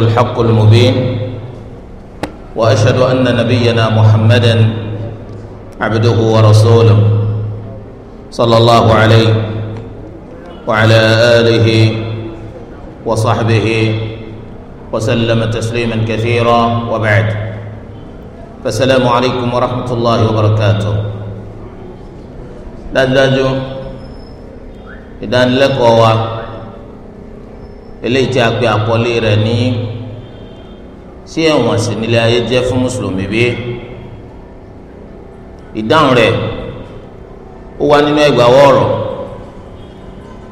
الحق المبين واشهد ان نبينا محمدا عبده ورسوله صلى الله عليه وعلى اله وصحبه وسلم تسليما كثيرا وبعد فالسلام عليكم ورحمه الله وبركاته dájúdájú ìdánilẹ́kọ̀ọ́ wa eléyìí tí a pe àkọlé rẹ̀ ní sí ẹ̀wọ̀n sí nílé ayé jẹ́ fún mùsùlùmí bí ìdáhùn rẹ̀ ó wà nínú ẹgbàáwọ̀ ọ̀rọ̀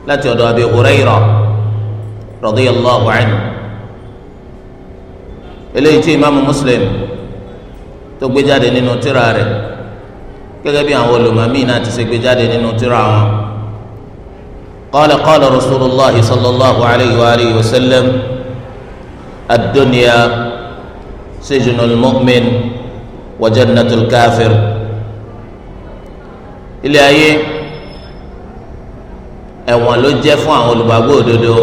láti ọ̀dọ̀ Abi Hurayra radiyallahu anhu eléyìí tí ìmáàmù Muslim tó gbé jáde nínú tírà rẹ̀ gẹ́gẹ́ bí àwọn olùmọ̀mí náà ti ṣe gbé jáde nínú tírà wọn. قال قال رسول الله صلى الله عليه وآله وسلم الدنيا sijnul mu'min wa jannatul káfíìr ilé ayé ẹ̀wọ̀n ló jẹ́ fún àwọn olùgbàgbọ́ òdodo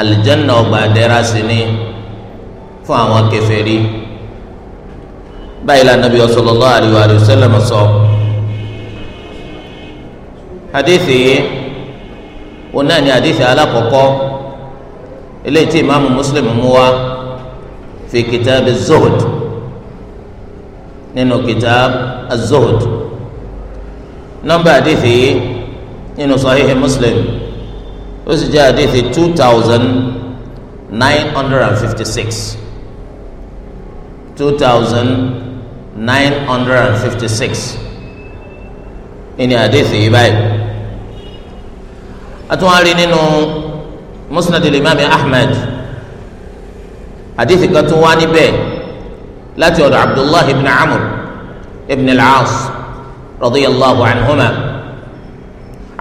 alìjẹ́nà ọgbà àdẹ́rà sí ni fún àwọn kèfèrí báyìí la Nabi sallallahu alaihi wa sallam sọ hadithi wọn náà ní hadithi alákọ̀ọ́kọ́ eléyìí tí imaamu Muslim mú wá. في كتاب الزهد نينو كتاب الزهد نمبر حديثي نينو صحيح مسلم وسجى حديثي 2956 2956 إني حديثي باي atúwárí nínú مسند الإمام أحمد حديث kan tún wá níbẹ̀ láti ọ̀dọ̀ abdullahi ibn amr ibn al-aas radiyallahu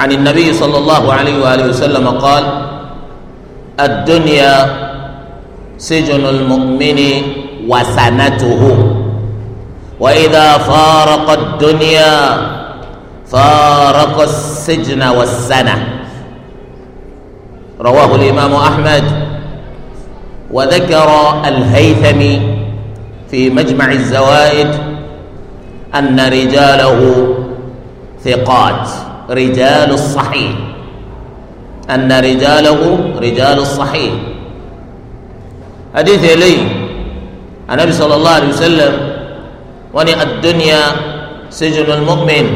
عن النبي صلى الله عليه وآله وسلم قال الدنيا سجن المؤمن وسنته وإذا فارق الدنيا فارق السجن والسنة رواه الإمام أحمد وذكر الهيثمي في مجمع الزوائد أن رجاله ثقات رجال الصحيح أن رجاله رجال الصحيح حديث لي النبي صلى الله عليه وسلم وني الدنيا سجن المؤمن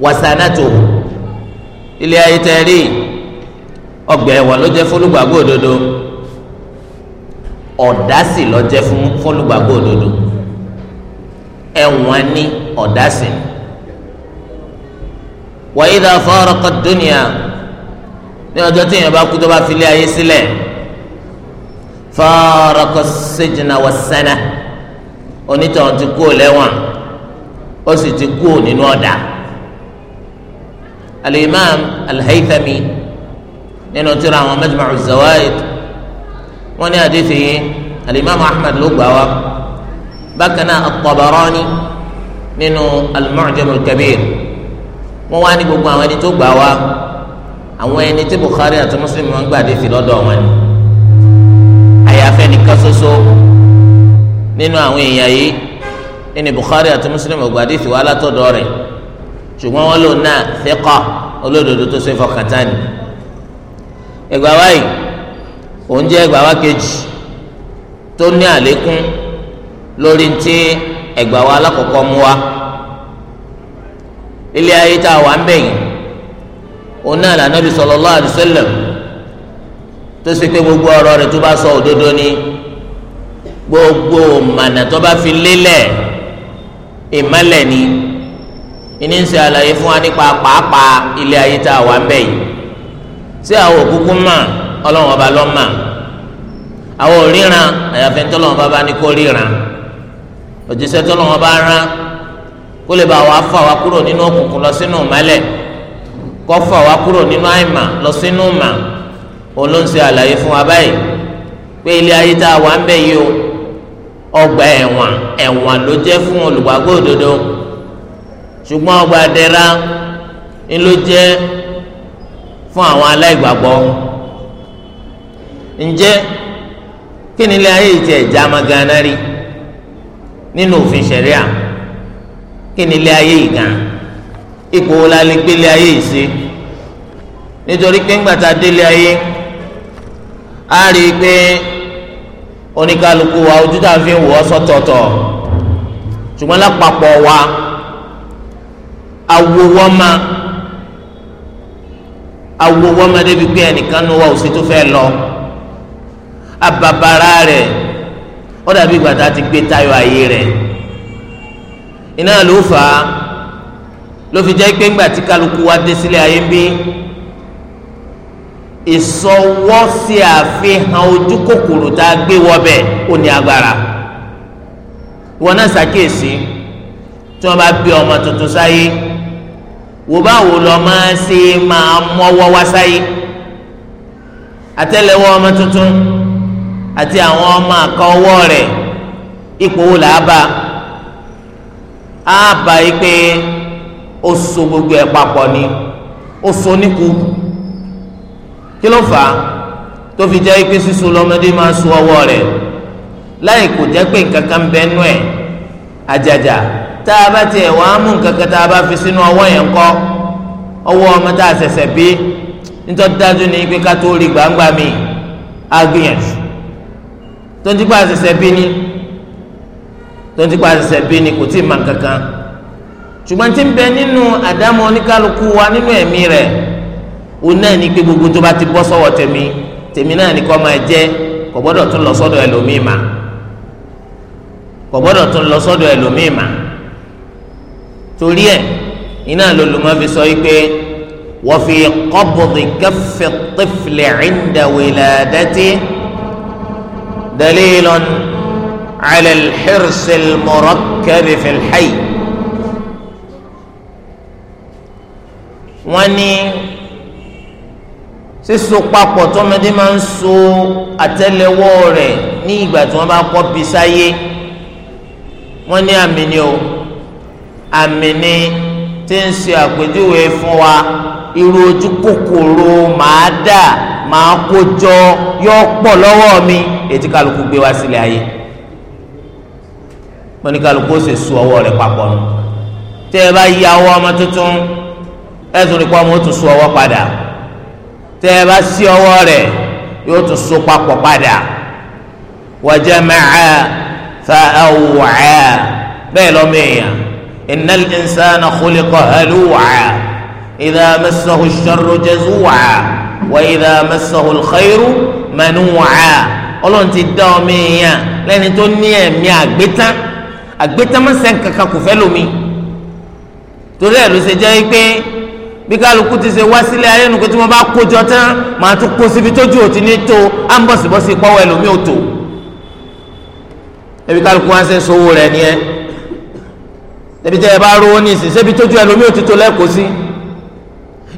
وسنته إلى ayé tẹ́rí ọgbẹ́ ẹ̀wọ̀n ló jẹ́ fólúgbàgbọ́ ọ̀dásì lọ́jẹ́ fún fọlùgbàgbọ́ òdodo ẹ̀wọ̀n ní ọ̀dásì ni. wa idha faraqa dunya ní ọjọ́ tí èèyàn bá kú tó bá filé ayé sílẹ̀ faraqa sijna wa sana onítọ̀hún ti kú lẹ́wọ̀n ó sì ti kú nínú ọ̀dà al-imam al-haythami nínú tírà àwọn majma'u zawaid wọ́n ní àdéhùn yìí alimami ahmed ló gbà wá bákan náà at-Tabarani nínú al-Mu'jam al-Kabir wọ́n wá ní gbogbo àwọn ẹni tó gbà wá àwọn ẹni tí Bukhari àti Muslim wọ́n gbà àdéhùn lọ́dọ̀ wọn ni àyàfẹ́ nìkan ṣoṣo nínú àwọn èèyàn yìí ẹni Bukhari àti Muslim ọgbà àdéhùn wà látọ̀dọ̀ rẹ̀ ṣùgbọ́n wọn lò náà thiqa olódodo tó ṣe fọkàntán ni ẹgbàá wáyìí òun jẹ́ ẹgbàá wa kejì tó ní àlékún lórí ti ẹgbàá wa alákọ̀ọ́kọ́ mú wa ilé ayé tá a wà ń bẹ̀yìn òun náà lànàbì sallallahu alaihi wasallam tó ṣe pé gbogbo ọ̀rọ̀ rẹ̀ tó bá sọ òdodo ni gbogbo mànà tó bá fi lélẹ̀ ìmọ̀lẹ̀ ni ìní ń ṣe àlàyé fún wa nípa pàápàá ilé ayé tá a wà ń bẹ̀yìn sí àwọn òkúkú máa. ọlọ́run ọba lọ́mà àwọn òríran àyàfẹ́ tọ́lọ́run ọba bá ní kó ríran òjíṣẹ́ tọ́lọ́run ọba rán kó lè bá wa fà wá kúrò nínú òkùnkùn lọ sínú ìmọ́lẹ̀ kó fà wá kúrò nínú àìmà lọ sínú ìmà òun ló ń ṣe àlàyé fún wa báyìí pé ilé ayé tá a wà ń ǹjẹ́ kí ni ilé ayé ìtì ẹ̀já máa gana rí nínú òfin ṣẹ̀ríà kí ni ilé ayé ìgàn ipò wo la lè gbé ilé ayé yìí sí nítorí pé ńgbà a délé ayé a rí i pé oníkálukú wa ojú tá a fi ń wò ọ́ ṣùgbọ́n lápapọ̀ wa awowọ́mà awowọ́mà débi pé ẹnìkan nu wa ò sí tó fẹ́ lọ ababara rẹ̀ ó dàbí ìgbà tá a ti gbé tayọ ayé rẹ̀ iná ló fà á ló fi jẹ́ pé ńgbà tí kálukú wa dé sílé ayé ń bí ìsọwọ́ àfihàn ojú kòkòrò tá a gbé wọbẹ̀ ó ní agbára wọn náà ṣàkíyèsí tí wọn bá bí ọmọ tuntun sáyé wò báwo lọmọ ṣe máa mọ́wọ́ wá sáyé àtẹ́lẹwọ́ ọmọ tuntun àti àwọn ọmọ àka ọwọ́ ipò wo là á bá a bá yìí pé ó so gbogbo ẹ̀ papọ̀ ni ó so níkù kí ló fà á tó fi jẹ́ pé sísun lọ́mọdé máa so ọwọ́ rẹ̀ láì kò jẹ́ pé nǹkan bẹ́ẹ̀ nú ẹ̀ àjàjà tá a bá tiẹ̀ wàá mú nǹkan kan tá a bá fi sínú ọwọ́ yẹn kọ́ ọwọ́ ọmọ tá a ṣẹ̀ṣẹ̀ bí nítorí dájú ni pé ká tó rí gbangba mi á gbìyànjú tontigba ṣẹ̀ṣẹ̀ bí ni tontigba ṣẹ̀ṣẹ̀ bí ni kò tí ì mọ̀ kankan ṣùgbọ́n tí ń bẹ nínú àdámọ́ oníkálukú wa nínú ẹ̀mí rẹ̀ òun náà ní pé gbogbo tó bá ti bọ́ sọ́wọ́ tèmi tèmi náà ní kó máa jẹ́ kò gbọ́dọ̀ tún lọ sọ́dọ̀ ẹlòmíì mà kò gbọ́dọ̀ tún lọ sọ́dọ̀ ẹlòmíì mà torí ẹ̀ iná lolùmọ́ fi sọ wípé wọ́n fi qabdi kaffi tifli inda wiladati. دليل على الحرص المركب في الحي wọ́n ní síso papọ̀ tọ́mọdé máa ń so àtẹ́lẹwọ́ rẹ̀ ní ìgbà tí wọ́n bá kọ́ bisáyé wọ́n ní àmì ni o àmì ni tí ń ṣe àpèjúwe fún wa irú ojú kòkòrò màá dà màá kó jọ yọ pọ̀ lọ́wọ́ mi etí kálukú gbé wá sílẹ̀ ayé wọ́n ní kálukú ó sì su ọwọ́ rẹ̀ papọ̀ nù tẹ́ ẹ bá yí awọ ọmọ tuntun ẹ tún ọmọ ó tún su ọwọ́ padà tẹ́ ẹ bá sí ọwọ́ rẹ̀ yóò tún so papọ̀ padà wa jama'a fa aw'a bẹ́ẹ̀ lọ́mọ èèyàn innal insana khuliqa halu'a idha massahu ash-sharru jazu'a wa idha massahu al-khayru manu'a ọlọ́run ti dá ọmọ èèyàn lẹ́ni tó ní ẹ̀mí àgbétán àgbétán má sẹ́ń kankan kò fẹ́ lómi torí ẹ̀ ló ṣe jẹ́ pé bí kálukú ti ṣe wá sílé ayé nu pé tí wọ́n bá kó jọ tán màá tún kó síbi tójú òtí ní tó á ń bọ̀sibọ́sí pọ́wọ́ ẹlòmíì ò tó ebi kálukú wá ń ṣe ń sowó rẹ̀ ni ẹ́ ebi tẹ́ ẹ bá rówó ní ìsìn ṣébi tójú ẹlòmíì ò ti tó lẹ́kọ̀ọ́ sí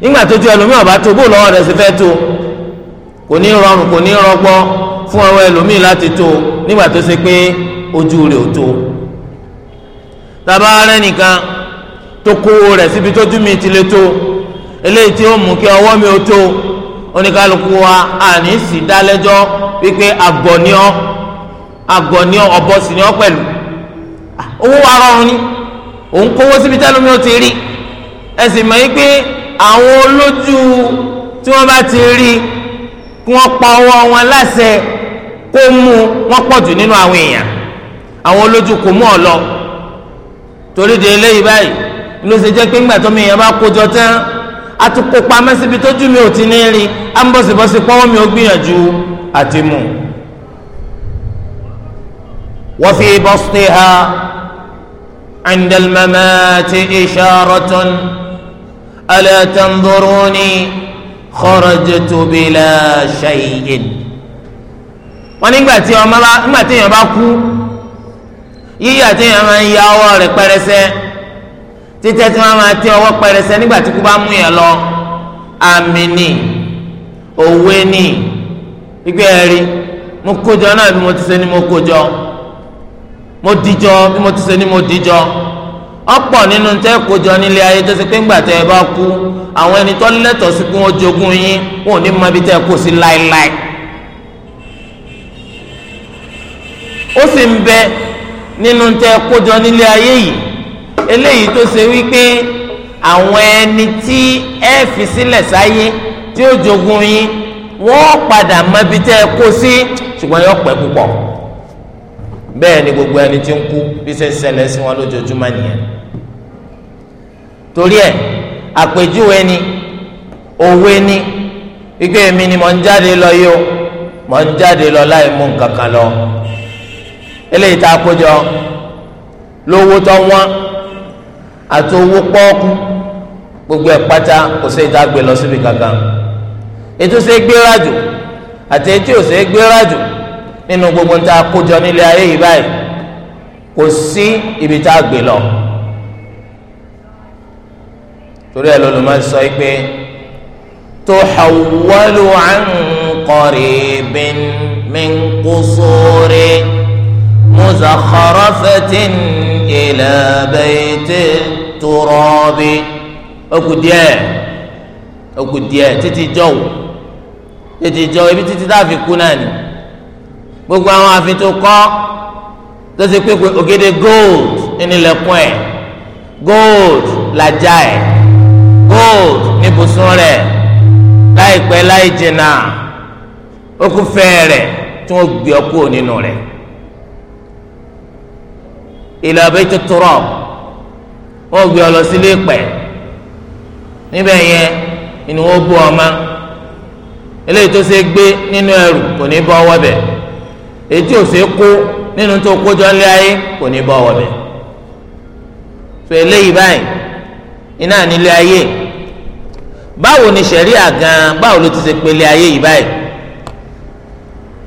ìgbà tójú ẹlòmíì ò tó bó lọ́wọ́ rẹ̀ sì fẹ́ tó kò ní rọrùn kò ní rọgbọ́n fún àwọn ẹlòmíì láti tó nígbà tó ṣe pé ojú rẹ̀ ò tó tàbá rẹ̀ nìkan tó kówó rẹ̀ síbi tójú mi ti lè tó eléyìí tí ó mú kí ọwọ́ mi ò tó oníkálukú wa àní sì dá lẹ́jọ́ wípé àgọ̀niọ́ àgọ̀niọ́ ọ̀bọ sì ni ọ́ pẹ̀lú owó wa rọrùn ni òun kówó síbi tẹ́lómi ó ti rí ẹ sì mọ̀ wípé àwọn olójú tí wọ́n bá ti rí kí wọ́n pa ọwọ́ wọn láṣẹ kó mú wọn pọ̀ jù nínú àwọn èèyàn àwọn olójú kò mú ọ lọ torí de eléyìí báyìí ló ṣe jẹ́ pé ńgbà tó mi èèyàn bá kójọ tán a ti kó pamẹ́ síbi tójú mi ò ti ní rí a ń bọ̀sibọ̀si pọ́wọ́ mi ò gbìyànjú àti mú. wa fi bastiha عند الممات إشارة ألا تنظروني خرجت بلا شيء wọn nígbà tí ọmọ bá nígbà tí èèyàn bá kú yíyà tí èèyàn máa ń ya ọwọ́ rẹ̀ pẹrẹsẹ títẹ́ tí wọ́n máa tẹ ọwọ́ pẹrẹsẹ nígbà tí kú bá mú yẹn lọ àmì ni òwe ni gbígbé ẹ̀rí mo kójọ náà bí mo ti ṣe ni mo kójọ mo díjọ bí mo ti ṣe ni mo díjọ ọ̀pọ̀ nínú tẹ́ kójọ nílé ayé tó ṣe pé ńgbà tẹ́ ẹ bá kú àwọn ẹni tó lẹ́tọ̀ọ́ sí pé wọ́n jogún yín wọn ò ní mọ ibi tẹ́ kó sí láéláé. ó sì ń bẹ nínú tẹ kójọ nílé ayé yìí eléyìí tó ṣe wípé àwọn ẹni tí ẹ fi sílẹ̀ sáyé tí ó jogun yín wọ́n padà mọbi tẹ kó sí ṣùgbọ́n yóò pẹ́ púpọ̀ bẹ́ẹ̀ ni gbogbo ẹni tí ń kú bí ṣe ń ṣẹlẹ̀ sí wọn lójoojúmọ́ nìyẹn torí ẹ̀ àpèjúwe ni òwe ni wípé èmi ni mò ń jáde lọ yìí o mò ń jáde lọ láì mú nǹkan kan lọ eléyìí tá a kó jọ lówó tó wọ́n àti owó pọ́ọ́kú gbogbo ẹ̀ pátá kò sí ìta gbé lọ síbi kankan ètò ṣe gbé rájò àti ètò ṣe gbé rájò nínú gbogbo ń ta nílé ayé yìí báyìí kò sí ibi tá a gbé lọ torí ẹ lọlọmọ sọ yìí pé tuhawwalu an qaribin min qusuri muzakharafatin ila bayti turabi oku díẹ̀ oku díẹ̀ títí jọ̀wọ́ títí jọ̀wọ́ ibi títí dáàfi kú náà ni gbogbo àwọn àfin tó kọ́ tó ti pé ògèdè gold nílẹ̀kùn ẹ̀ gold làjà ẹ̀ gold níbùsùn rẹ̀ láìpẹ́ láì jìnnà rẹ̀ tí wọ́n gbé ọ nínú rẹ̀ ila bayt turab wọ́n gbé ọ lọ sílé pẹ̀ níbẹ̀ yẹn ni wọ́n bú ọmọ eléyìí tó ṣe gbé nínú ẹrù kò ní bọ́ ọwọ́ bẹ̀ èyí ò ṣe kó nínú tó kójọ ńlé ayé kò ní bọ́ ọwọ́ bẹ̀ tó eléyìí báyìí iná nílé ayé báwo ni ṣẹ̀ríà gan báwo ló ti ṣe pélé ayé yìí báyìí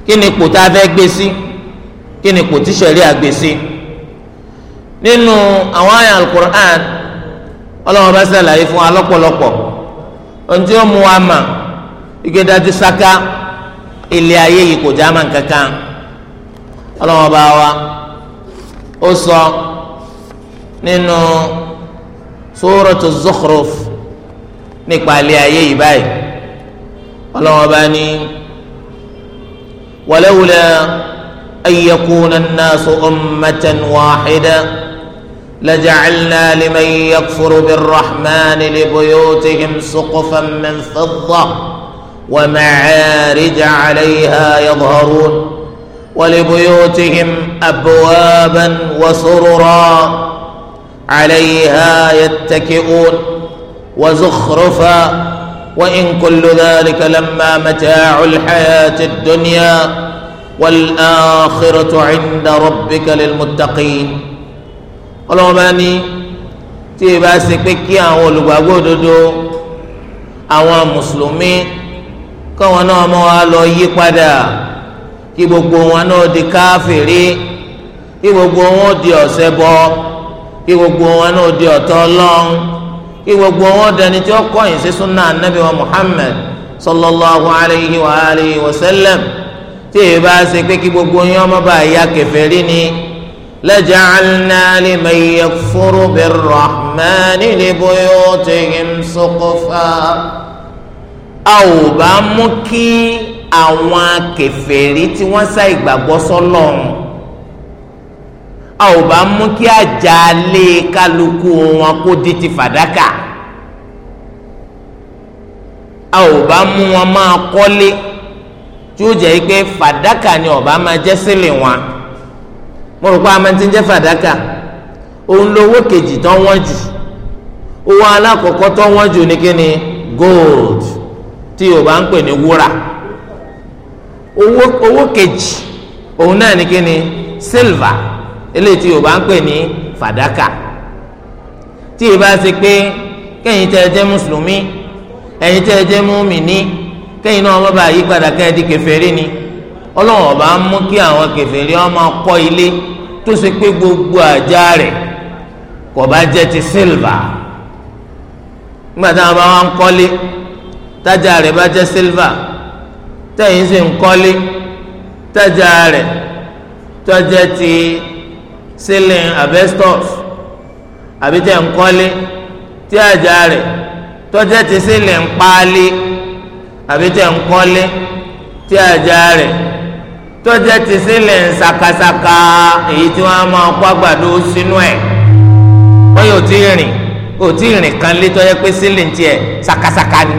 kí ni ipò tá a fẹ́ gbé sí kí ni ipò tí ṣẹ̀ríà gbé sí. Si? nínú àwọn àyà alukur'an ọlọ́wọ́n bá ṣàlàyé fún wa lọ́pọ̀lọpọ̀ ohun tí ó mú wa mà ìgbédájú saka ilé ayé yìí kò já màn kankan ọlọ́wọ́n bá wa ó sọ nínú suratu Zukhruf nípa ilé ayé yìí báyìí ọlọ́wọ́n bá ní walawla an yakuna an-nasu ummatan wahida. لجعلنا لمن يكفر بالرحمن لبيوتهم سقفا من فضة ومعارج عليها يظهرون ولبيوتهم أبوابا وسررا عليها يتكئون وزخرفا وإن كل ذلك لما متاع الحياة الدنيا والآخرة عند ربك للمتقين ọlọ́wọ́n bá ní tí ì bá ṣe pé kí àwọn olùgbàgbọ́ òdodo àwọn mùsùlùmí káwọn náà mọ́ wa lọ yí padà kí gbogbo wọn náà di káfìrí kí gbogbo wọn di ọ̀ṣẹbọ kí gbogbo wọn náà di ọ̀tọ̀ Ọlọ́run kí gbogbo wọn dẹni tí ó kọ̀yìn sí súnà anábì wa Muhammad sallallahu alayhi wa alayhi wa sallam tí ì bá pé kí gbogbo yín ọmọ bá ya kèfèrí ni. لجعلنا لمن يكفر بالرحمن لبيوتهم سقفا أو بامكي àwọn akèfèrí tí wọ́n sá ìgbàgbọ́ sọ́lọ́run a ò bá mú kí àjálé kálukú wọn kó di ti fàdákà a ò bá mú wọn máa kọ́lé tí ó jẹ́ pé fàdákà ni ọ̀bá máa jẹ́ sílẹ̀ wọn mo rò pé amantin jẹ́ fàdákà òun lówó kejì tó wọ́n jù owó alákọ̀ọ́kọ́ tó wọ́n jù ní kíni gold tí yorùbá ń pè ní wúrà owó owó kejì òun náà ní kíni silver eléyìí tí yorùbá ń pè ní fàdákà tí yorùbá ṣe pé kẹ́yìn tẹ́ ẹ jẹ́ mùsùlùmí ẹ̀yin tẹ́ ẹ jẹ́ mùmíní kẹ́yìn náà wọ́n bá yí padà kẹ́ ẹ di kèfèrí ni ọlọ́run ọba ń mú kí àwọn kèfèrí ọmọ kọ́ ilé tó ṣe pé gbogbo àjà rẹ̀ kò bá jẹ́ ti sílvà nígbà táwọn bá wá ń kọ́lé tájà rẹ̀ bá jẹ́ sílvà tẹ̀yìn sì ń kọ́lé tájà rẹ̀ tó jẹ́ ti ceiling asbestos àbí tẹ̀ ń kọ́lé tí àjà rẹ̀ tó jẹ́ ti ceiling páálí àbí tẹ̀ ń kọ́lé tí àjà rẹ̀ tọ́jà ti sílẹ̀ ń sakasaka èyí tí wọ́n á máa kó àgbàdo sínú ẹ̀ wọ́n yóò ti rìn kò tí rìn kan lé tọ́jà pé sílẹ̀ ń tiẹ̀ sakasaka ni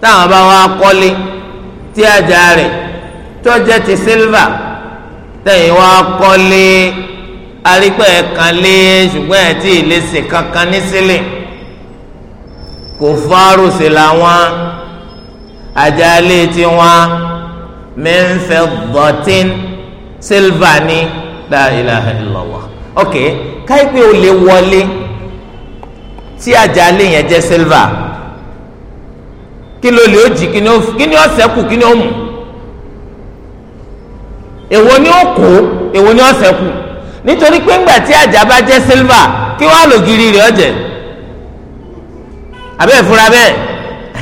táwọn bá wọn akọ́lé tí àjà rẹ̀ tọ́jà ti sílvà tẹ̀yìn wọn akọ́lé arípẹ́ kan lé ṣùgbọ́n ẹ̀ tí ì lè sìn kankan ní sílẹ̀ kò fárò sí làwọn àjà lé tiwọn min fiddatin silva ni la ilaha illallah ok káyipé o lè wọlé tí àjálè yẹn jẹ silva kí ló lè o jì kí ni ó ṣẹ́kù kí ni ó mú èwo ni ó kó èwo ni ó ṣẹ́kù nítorí pé ńgbà tí àjà bá jẹ silva kí wàá lò gírí rẹ̀ ọ̀jẹ̀ àbẹ́ ìfura bẹ́ẹ̀.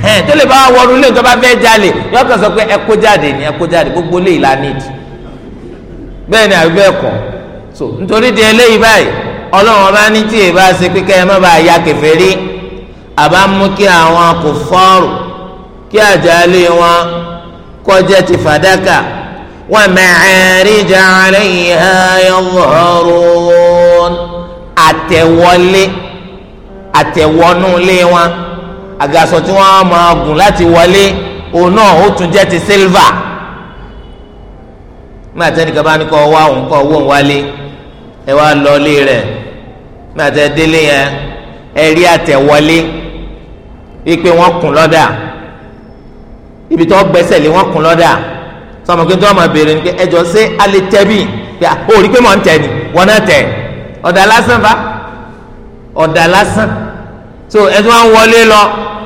ẹn tó lè bá wọrú ilé ìjọba fẹ́ jalè yọ kàn sọ pé ẹ kó jáde ni ẹ kó jáde gbogbo lè la nídìí bẹ́ẹ̀ ni àbí bẹ́ẹ̀ kọ́ so nítorí di eléyìí báyìí ọlọ́run ọba ní tí èèbá ṣe pé ẹ má bàa ya kèfèrí àbá mú kí àwọn kò fọ́ọ̀rù kí wọn kọjá ti fàdákà àtẹ̀wọlé àtẹ̀wọnú lé wọn. àgàsọ tí wọ́n máa gùn láti wọlé òun náà ó tún jẹ́ ti sílvà nígbà tí ẹnìkan bá ní kọ́ wá òun kọ́ owó òun wálé ẹ wá lọ ilé rẹ̀ nígbà tí ẹ délé yẹn ẹ rí àtẹ̀wọlé wípé wọ́n kùn lọ́dà ibi tí wọ́n gbẹ́sẹ̀ lé wọ́n kùn lọ́dà sọmọ kí n tó ọmọ béèrè ni pé ẹjọ́ ṣé alẹ́ tẹ́ bí o rí pé mọ̀ ń tẹ̀ ni wọ́n náà tẹ̀ ọ̀dà lásán bá ọ̀dà lásán so ẹ tí wọ́n wọlé lọ.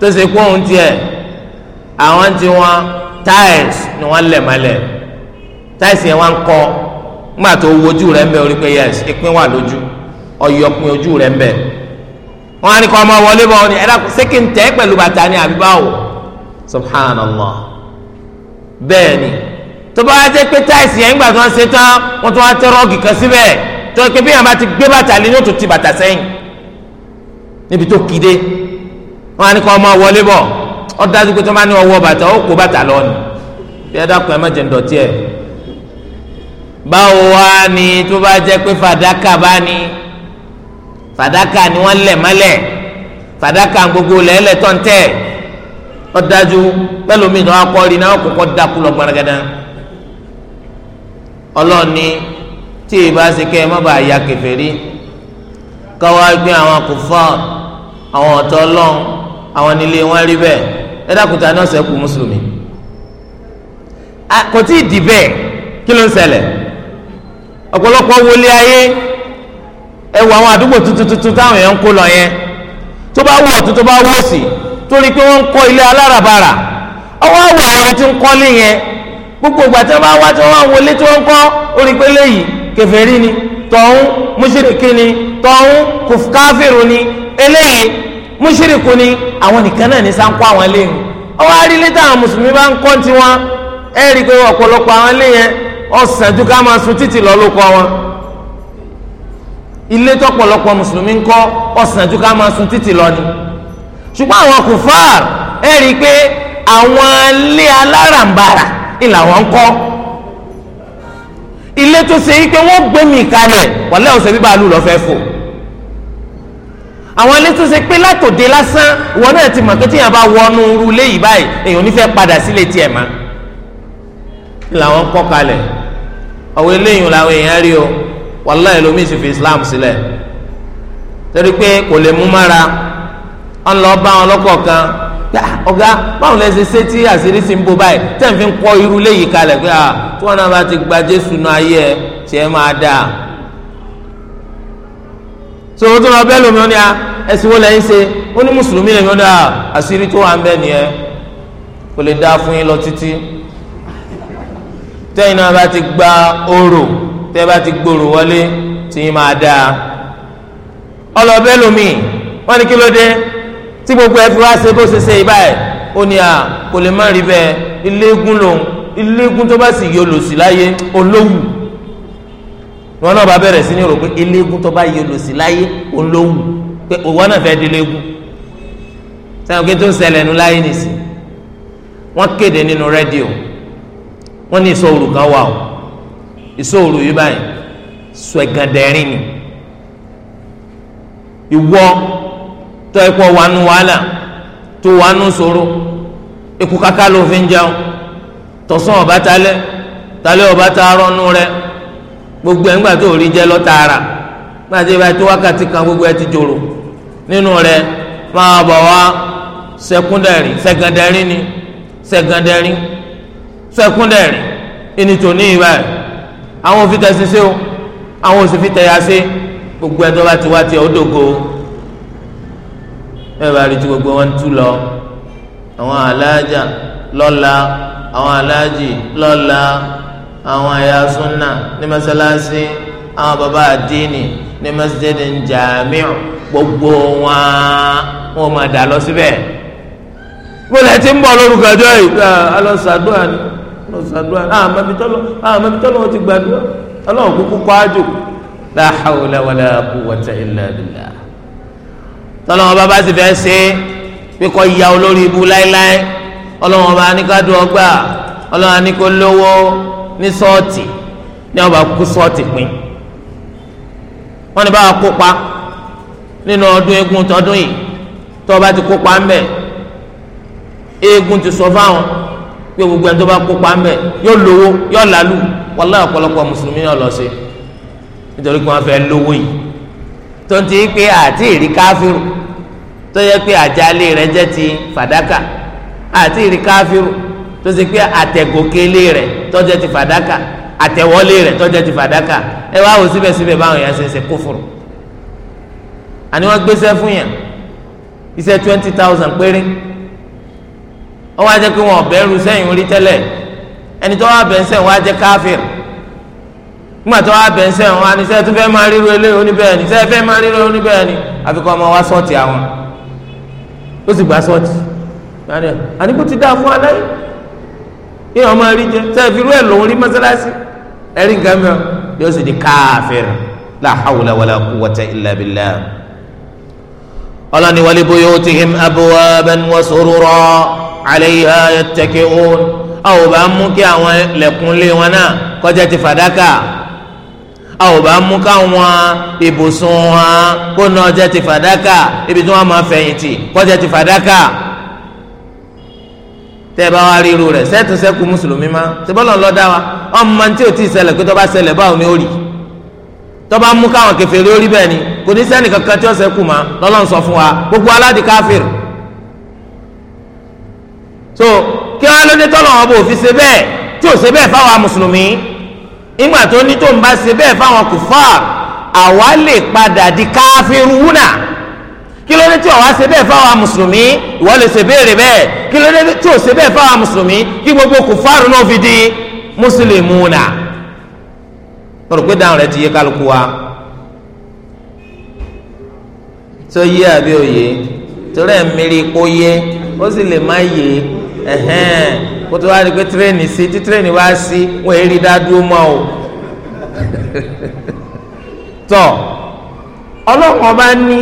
tó ṣe kó ohun tiẹ̀ àwọn tí wọ́n tiles ni wọ́n lẹ̀ mọ́lẹ̀ tiles yẹn wọ́n kọ́ nígbà tó wojú rẹ̀ ń bẹ̀ orí pé yes ìpín wà lójú ọ̀yọ̀pin ojú rẹ̀ ń bẹ̀ wọ́n á ní kọ́ ọmọ wọlé bọ̀ ọ́ ni ẹ̀dá sékì ń tẹ́ pẹ̀lú bàtà ni àbí báwo subhanallah bẹ́ẹ̀ ni tó bá jẹ́ pé tiles yẹn nígbà tó ń ṣe tán wọ́n tún wá tẹ́ rọ́ọ̀gì kan síbẹ̀ tó ń pẹ́ bí yàrá ti gbé bàtà lé ní wọn á ní kó ọmọ wọlé bọ̀ ọ dájú pé tó máa ní ọwọ́ bàtà ó kó bàtà lọ ni bí ẹ dákun ẹ má jẹ ńdọ̀tí ẹ. báwo wá ni tó bá jẹ́ pé fàdákà bá ní fàdákà ni wọ́n lẹ̀ mọ́lẹ̀ fàdákà gbogbo lẹ́lẹ̀ tó ń tẹ̀ ọ dájú pẹ̀lú mi náà kọ́ rí náà kọ́kọ́ dákú lọ gbaragada ọlọ́ọ̀ni tí ì bá ṣe kẹ́ ẹ má bàa ya kẹfẹ́ rí káwá gbé àwọn kò àwọn ọ̀tọ́ ọlọ́run àwọn nílé wọn rí bẹ́ẹ̀ ẹ dákúta náà mùsùlùmí kò tí dì kí ló ń wọlé ayé ẹ àwọn àdúgbò tuntun kó lọ yẹn tó bá wọ tó bá wọ mùṣírìkù ni àwọn nìkan náà ní sáńkó àwọn ilé yìí ọwọ́ arílẹ̀ táwọn mùsùlùmí bá ń kọ́ ti wọn ẹ rí i pé ọ̀pọ̀lọpọ̀ àwọn ilé yẹn ọ̀sán ju ká máa sun títì lọ ló kọ́ wọn ilé tọ̀pọ̀lọpọ̀ mùsùlùmí ń kọ́ ọ̀sán ju ká máa sun títì lọ ni ṣùgbọ́n àwọn kùfáàr ẹ rí i pé àwọn ilé alárànbarà ni làwọn ń kọ́ ilé tó ṣe yí pé wọ́n gbé mi kalẹ̀ wọ́n lẹ́wọ̀n ṣe bíbá àlù lọ́fẹ́ fò àwọn ilé tó ṣe pé látòde lásán ìwọ náà ti mọ̀ pé tíyàn bá wọnú irú ilé yìí báyìí èèyàn onífẹ́ padà sílé tiẹ̀ mọ́ làwọn kọ́ kalẹ̀ ọ̀wọ́ eléyìí làwọn èèyàn rí o wàláhì lómi sì fi Islam sílẹ̀ torí pé kò lè mú mára wọn lọ bá wọn lọ́kọ̀ọ̀kan ah, ọ̀gá báwo lẹ ṣe ṣe tí àṣírí sì ń bo báyìí tẹ̀ ń fi kọ́ irú ilé yìí kalẹ̀ pé ah, tí wọn náà bá ti gba Jésù náà ayé ẹ tiẹ̀ máa dáa sọ̀rọ̀ tó lọ bẹ́ẹ̀ lómi wọn ni a ẹ̀sìn wọn lẹ́yìn ṣe ó ní mùsùlùmí lẹ́yìn wọn dà àṣírí tó wà ń bẹ́ẹ̀ nìyẹn kò lè dá fún yín lọ títí tẹ́yìn náà bá ti gba orò tẹ́ bá ti gbòòrò wọlé tí yín máa dáa ọlọ́bẹ́ lómi wọn ni kí ló dé tí gbogbo ẹ fi wá ṣe bó ṣe ṣe báyìí ó ní a kò lè má rí bẹ́ẹ̀ ilé egun lòun ilé egun tó bá sì yọ lòsì láyé olówù wọn náà bá bẹ̀rẹ̀ sí ní rò pé eléégún tó bá yẹ lò sí láyé òun ló wù pé òwò náà fẹ́ déléégún sẹ́wọ̀n kí n tó ṣẹlẹ̀ nu láyé nìsín wọ́n kéde nínú rédíò wọ́n ní ìṣòro kan wà o ìṣòro yìí báyìí sọ̀gàndẹ̀rín ni ìwọ tó ẹ̀kọ́ wanu wàhálà tó wanu ṣòro ikú kaka ló fi ń jẹun tọ̀sán ọ̀bá talẹ̀ talẹ̀ ọ̀bá rẹ̀ gbogbo ẹ̀ńgbà tó rí jẹ́ lọ́tàárà gbàdé bá tó wákàtí kan gbogbo ẹ ti jòrò nínú rẹ máa bọ̀ wá sẹkúndẹ̀rì sẹkẹndẹ̀rì ni sẹkẹndẹ̀rì sẹkúndẹ̀rì ìnìtò ní ìbá ẹ̀ àwọn òfin tẹ̀sí sí o àwọn òsì fi tẹ̀yà sí gbogbo ẹ̀ tó bá ti wá tiẹ̀ ó dògo ẹ̀ bá rí ti gbogbo wọn tú lọ àwọn aláàjà lọ́la àwọn aláàjì lọ́la àwọn ẹ̀yà súnà ní mọ́sálásí àwọn bàbá àdínì ní masjid jamiu gbogbo wọn wọn máa dà lọ síbẹ̀ bọ́lá ti ń bọ̀ lórúkọ ẹjọ́ yìí alọ́sàdúrà ni alọ́sàdúrà ni àmọ́bitọ́lọ́ ti gbàdúrà ọlọ́run kúkú kọ́ àjò la hawla wala quwwata illa billah tọ́lọ́wọ́n bá bá ti fẹ́ ṣe pé kọ́ ya olórí ibu láéláé ọlọ́wọ́n bá ní ká dùn ọgbà ọlọ́wọ́n á ní kó lówó ní sọ́ọ̀tì ní ọba kú sọ́ọ̀tì pín wọ́n ní báwa kópa nínú ọdún eégún tọdún yìí tó o bá ti kópa ń bẹ̀ eégún ti sọ fáwọn pé gbogbo ẹni tó bá kópa ń bẹ̀ yóò lówó yóò làlù wàlláhì ọ̀pọ̀lọpọ̀ mùsùlùmí náà lọ sí nítorí pé wọ́n fẹ́ lówó yìí tó ń ti pé àti ìrí káfíru tó yẹ pé àjálẹ̀ rẹ̀ jẹ́ ti fàdákà àti ìrí káfíru. tó ṣe pé àtẹ̀gòkèlé rẹ̀ tọ́jẹ́ ti fàdákà àtẹ̀wọlé rẹ̀ tọ́jẹ́ ti fàdákà ẹ wá wò síbẹ̀síbẹ̀ báwọn yẹn ṣe ṣe kófòrò àní wọ́n gbéṣẹ́ fún yàn iṣẹ́ twenty thousand péré ó wá jẹ́ pé wọn ọ̀bẹ sẹ́yìn rí tẹ́lẹ̀ ẹni tó wá bẹ̀ sẹ́yìn wá jẹ́ káfíìr nígbà tó wá bẹ̀ sẹ́yìn wá ní sẹ́yìn tó fẹ́ máa ríro ilé oníbẹ̀ẹ́ sẹ́yìn fẹ́ máa kí ọmọ rí jẹ sẹ́fìrú ẹ̀ lòún rí mọ́sálásí ẹ̀rí nǹkan mìíràn yóò sì di káfíìrì la hawla wala quwwata illa billah ọlọ́ni wali buyutihim abwaban wa surura alayha yattaki'un a ò bá mú kí àwọn lẹ̀kúnlé wọn náà kọjá ti fàdákà a ò bá mú káwọn ibùsùn wọn kó náà jẹ́ ti fàdákà ibi tí wọ́n máa fẹ̀yìntì kọjá ti fàdákà tẹ ẹ bá wá rí irú rẹ̀ sẹ́ẹ̀tún sẹ́kù mùsùlùmí má ṣe lọ dá wa ọmọ tí ò tí ì ṣẹlẹ̀ pé tó bá ṣẹlẹ̀ báwo ni ó rí tó bá mú káwọn kèfèrí ó rí bẹ́ẹ̀ ni kò ní sẹ́ni kankan tí ó ṣẹ́kù má lọ́lọ́ sọ fún wa gbogbo aláàdì káfíìr so kí wọn lóde tọ́lọ̀ wọn bò fi ṣe bẹ́ẹ̀ tí ò ṣe bẹ́ẹ̀ fáwọn mùsùlùmí ìgbà tó ní tó ń bá ṣe bẹ́ẹ̀ fáwọn kùfáà àwa lè padà di káfíìrúnà kí ló dé tí ọ̀wá ṣe bẹ́ẹ̀ fáwọn mùsùlùmí ìwọ lè ṣe béèrè bẹ́ẹ̀ kí ló dé tí ò ṣe bẹ́ẹ̀ fáwọn mùsùlùmí kí gbogbo kùfárù náà fi di mùsùlùmùnà. mo rò pé dáhùn rẹ ti yé kálukú wa tó yé àbí òye torí ẹ̀ mìírí kó yé ó sì lè má yé kó tó wá rí pé tírẹ́ẹ̀nì sí tí tírẹ́ẹ̀nì wá sí wọ́n èrí dá mọ́ o tọ́ ọlọ́kàn bá ní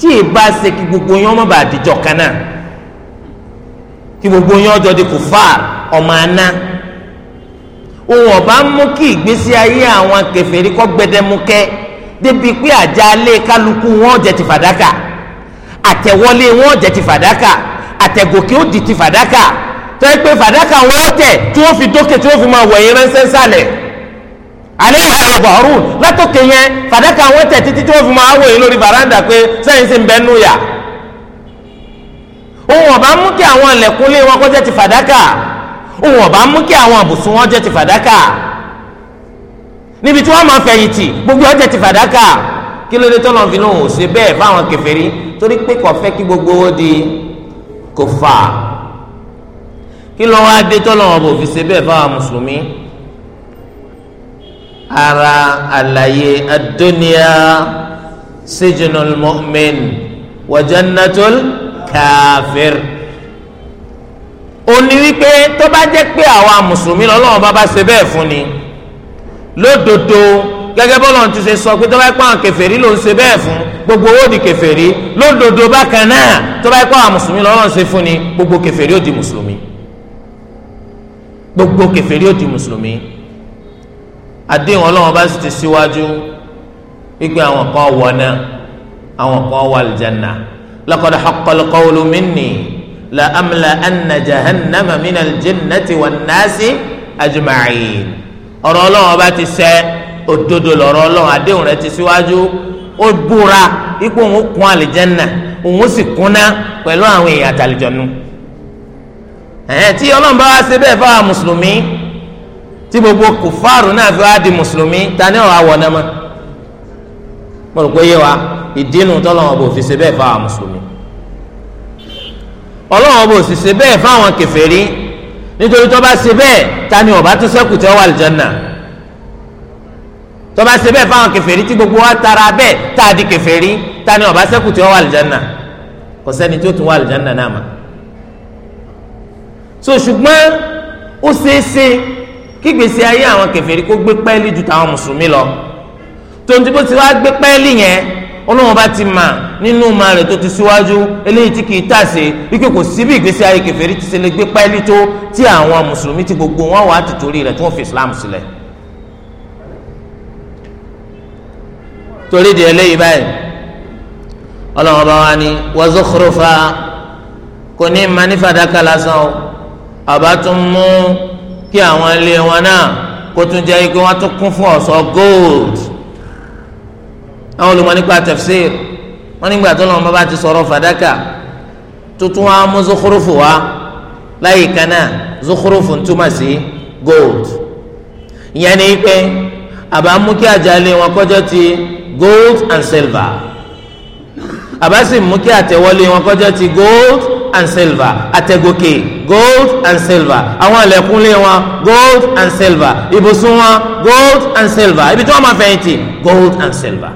tí ì bá ṣe kí gbogbo yín ọmọ bá àdìjọ kan náà kí gbogbo yín ọjọ́ di kò fà ọmọ aná òun ọba ń mú kí ìgbésí ayé àwọn kèfèrí kọ́ gbẹdẹmukẹ́ débi pé àjálé kálukú wọn jẹ ti fàdákà àtẹ̀wọlé wọn jẹ ti fàdákà àtẹ̀gòkè ó di ti fàdákà tẹ́ pé fàdákà wọn tẹ̀ tí wọ́n fi dókè tí wọ́n fi máa wẹ̀yìn ránṣẹ́ sálẹ̀. àlẹ́yìn àlọ́bọ̀ ọ̀rùn látòkè yẹn fàdákà wọn tẹ̀ títí tí wọ́n fi máa wòye lórí baranda pé sẹ́yìn sì ń bẹ́ẹ̀ núyà òun ọ̀bá mú kí àwọn ilẹ̀kùnlé wọn kó jẹ́ ti fàdákà òun ọ̀bá mú kí àwọn àbùsùn wọn jẹ́ ti fàdákà níbi tí wọ́n máa fẹ̀yìntì gbogbo wọn jẹ́ ti fàdákà kí ló dé tọ́lọ̀ fi lóhùn ṣe bẹ́ẹ̀ fáwọn torí pé kò fẹ́ kí gbogbo wọn di kò fà kí lọ́wọ́ adé tọ́lọ̀ wọn ara àlàyé adúniya sijinul mu'min wajannatul kafir òní wípé tó bá jẹ́ pé àwa mùsùlùmí lọ́lọ́run bá bá ṣe bẹ́ẹ̀ fún ni lódodo gẹ́gẹ́ bọ́lọ́run ti ṣe sọ pé tó bá pa àwọn kèfèrí ló ń ṣe bẹ́ẹ̀ fún gbogbo owó di kèfèrí lódodo bákan náà tó bá pa àwọn mùsùlùmí lọ́lọ́run ṣe fún ni gbogbo kèfèrí ó di mùsùlùmí gbogbo kèfèrí ó di mùsùlùmí àdéhùn ọlọ́wọ́n bá sì ti síwájú wípé àwọn kan wọ̀ náà àwọn kan wà lìjànà laqad haqqal qawlu minni la amla anna jahannama minal jinnati wan nasi ajma'in ọ̀rọ̀ ọlọ́wọ́n bá ti sẹ́ òdodo lọ́rọ̀ ọlọ́wọ́n àdéhùn rẹ̀ ti síwájú ó búra ipò òun kún àlìjànà òun sì kúnná pẹ̀lú àwọn èèyàn àtàlìjọ́nu ẹ̀hẹ́n tí ọlọ́run bá wá ṣe bẹ́ẹ̀ fáwọn mùsùlùmí tí gbogbo kùfàrù náà fi wá di mùsùlùmí ta ni ọ̀rọ̀ àwọ̀ náà mọ́ mo rò pé yé wa ìdínú tọ́lọ́wọ́n bò fi ṣe bẹ́ẹ̀ fáwọn mùsùlùmí ọlọ́wọ́n bò sì ṣe bẹ́ẹ̀ fáwọn kèfèrí nítorí tó bá ṣe bẹ́ẹ̀ ta ni ó bá tún ṣẹ́kù tẹ́ wà lìjọ́nà tó bá ṣe bẹ́ẹ̀ fáwọn kèfèrí tí gbogbo wa tara bẹ́ẹ̀ tá di kèfèrí ta ni ó bá tẹ́ wà lìjọ́nà kò sẹ́ni tó tún wà lìjọ́nà náà mọ́ so ṣùgbọ́n ó ṣeé ṣe kí gbèsè ayé àwọn kèfèrí kó gbé pẹ́ẹ́lí ju tàwọn mùsùlùmí lọ tonti bó ti wá gbé pẹ́ẹ́lí yẹn Ọlọ́run bá ti mà nínú ma rẹ̀ tó ti síwájú eléyìí tí kìí tàsé wípé kò síbi ìgbésí ayé kèfèrí ti ṣe lè gbé pẹ́ẹ́lí tó tí àwọn mùsùlùmí ti gbogbo wọn wà á ti torí rẹ̀ tí wọ́n fi Islam sílẹ̀. torí di eléyìí báyìí Ọlọ́run bá wá ní wa zukhrufa kò ní ma ní fàdákà lásán o kí àwọn ilé wọn náà kó tún jẹ́ pé wọ́n tún kún fún ọ̀ṣọ́ gold àwọn olùmọ̀ nípa tafsir wọ́n nígbà tó lọ́wọ́ bá ti sọ̀rọ̀ fàdákà tuntun wa mú zukurufu wa láyé kan náà zukurufu ń túmọ̀ sí gold ìyẹn ni pé àbá mú kí àjálẹ̀ wọn kọjọ́ ti gold and silver àbá sì mú kí àtẹ̀wọlé wọn kọjọ́ ti gold and silver àtẹ̀gòkè gold and silver àwọn àlẹ̀kùnlé wọn gold and silver ibùsùn wọn gold and silver ibi tí wọ́n máa fẹ̀yìntì gold and silver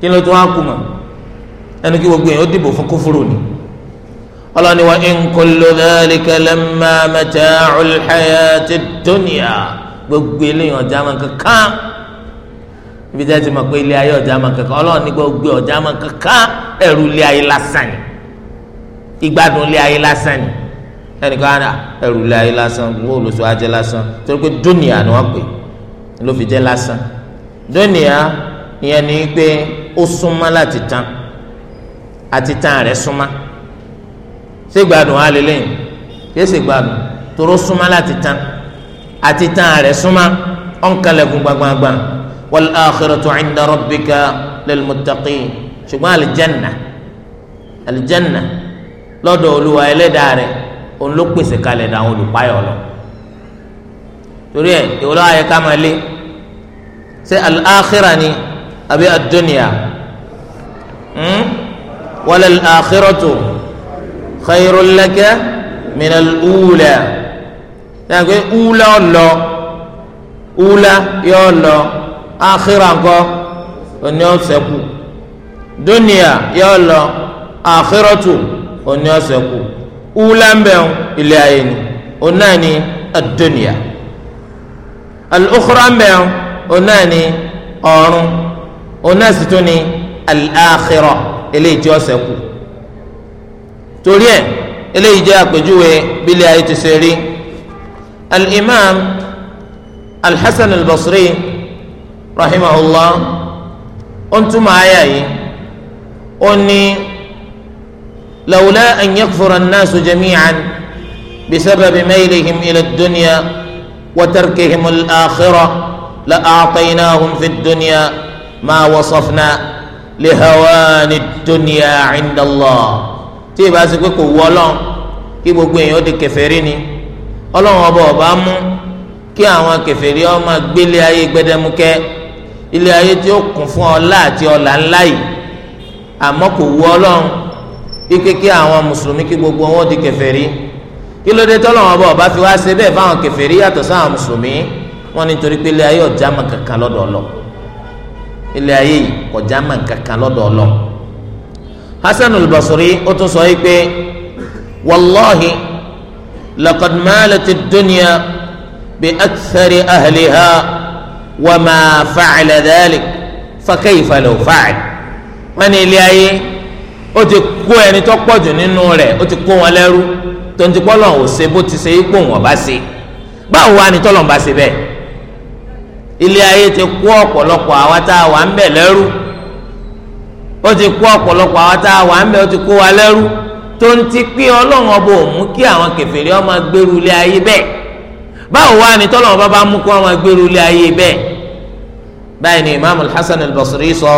kí ló tún wá kú mọ́ ẹnu kí gbogbo yẹn ó dìbò fún kófóró ni ọlọ́ni wa in kullu dhalika lamma mata'ul hayatid dunya gbogbo eléyìí ọjà máa kankan ibi tí a ti mọ̀ pé ilé ayé ọ̀já máa kankan ọlọ́run ní kò gbé ọ̀já máa kankan ẹ̀rù ilé ayé lásán ni ìgbádùn ilé ayé lásán ni ẹnìkan ẹ̀rù ilé ayé lásán wọ́n olùsọ ajẹ́ lásán torí pé dúnìá ni wọ́n pè ló fi jẹ́ lásán dúnìá ìyẹn ni pé ó súnmọ́ láti tán àti tán rẹ̀ súnmọ́ ṣé gbádùn á lè lẹ́yìn kí ṣe gbádùn toró súnmọ́ láti tán àti tán rẹ̀ súnmọ́ ọ̀nkalẹ̀kùn wal akhiratu inda rabbika lil muttaqin ṣùgbọ́n alìjẹ́nà alìjẹ́nà lọ́dọ̀ olúwa ẹlẹ́dàá rẹ̀ òun ló pèsè kalẹ̀ dáhùn olùpáyọ̀ lọ torí ẹ ìwọlọ́ ayé ká máa lé ṣé al-akhirah ni àbí ad-dunya wala al-akhiratu khayrun laka min al-ula yàgbé ula ọlọ ula yọ ọlọ àkírà ńkọ́ òní ọ̀sẹ̀kù dúnìyà yọ lọ àkírọ̀tù òní ọ̀sẹ̀kù wúlẹ́ńbẹ̀ọ́ ilé ayé ni ọ̀nà ni àdúnìyà al-ukhra ńbẹ̀ọ́ ọ̀nà ni ọ̀run ọ̀nà sì tún ni al-akhirah eléyìí tí ọ̀sẹ̀kù torí ẹ̀ eléyìí ayé ti ṣe rí al-imam al rahimahullah ó ń túmọ̀ àyà yìí ó ní lawla an yakfura an-nasu jami'an bisababi maylihim ila ad-dunya wa tarkihim al-akhirah la a'taynahum fi ad-dunya ma wasafna lihawani ad-dunya 'inda Allah tí ìbá ṣe pé kò wọ́lọ́n kí gbogbo èèyàn ó di kèfèrí ni ọlọ́run ọba ọba mú kí àwọn kèfèrí ó máa gbélé ayé gbẹdẹmukẹ́ ilé ayé tí ó kún fún ọlá àti ọlà ńlá yìí àmọ́ kò wù Ọlọ́run bí kékeré àwọn mùsùlùmí kí gbogbo wọn di kèfèrí kí ló dé tọ́lọ́wọ́n bọ̀ ọba fi wá ṣe bẹ́ẹ̀ fáwọn kèfèrí yàtọ̀ sáwọn mùsùlùmí wọn ni torí pé ilé ayé ọ̀já mọ̀ kankan lọ́dọ̀ ọlọ ilé ayé ọ̀já mọ̀ kankan lọ́dọ̀ ọlọ. Hasan al ó tún sọ yìí pé wàlláhi laqad malati dunya bi akthari wa ma fa'ala dhalik fa kayfa wọn ilé ayé ó ti kó ẹni tó pọ̀jù nínú rẹ̀ ó ti kó wọn lẹ́rú tó ń ti kọ́ lọ́n ò ṣe bó ti se ipò wọn bá si báwo wá ni tọ́lọ̀ ń bá bẹ́ẹ̀ ilé ayé ti kó ọ̀pọ̀lọpọ̀ àwa tá a wà ń bẹ̀ lẹ́rú ó ti kó ọ̀pọ̀lọpọ̀ àwa tá a wà ń bẹ̀ báyìí ni imaamu hasan al-basri sọ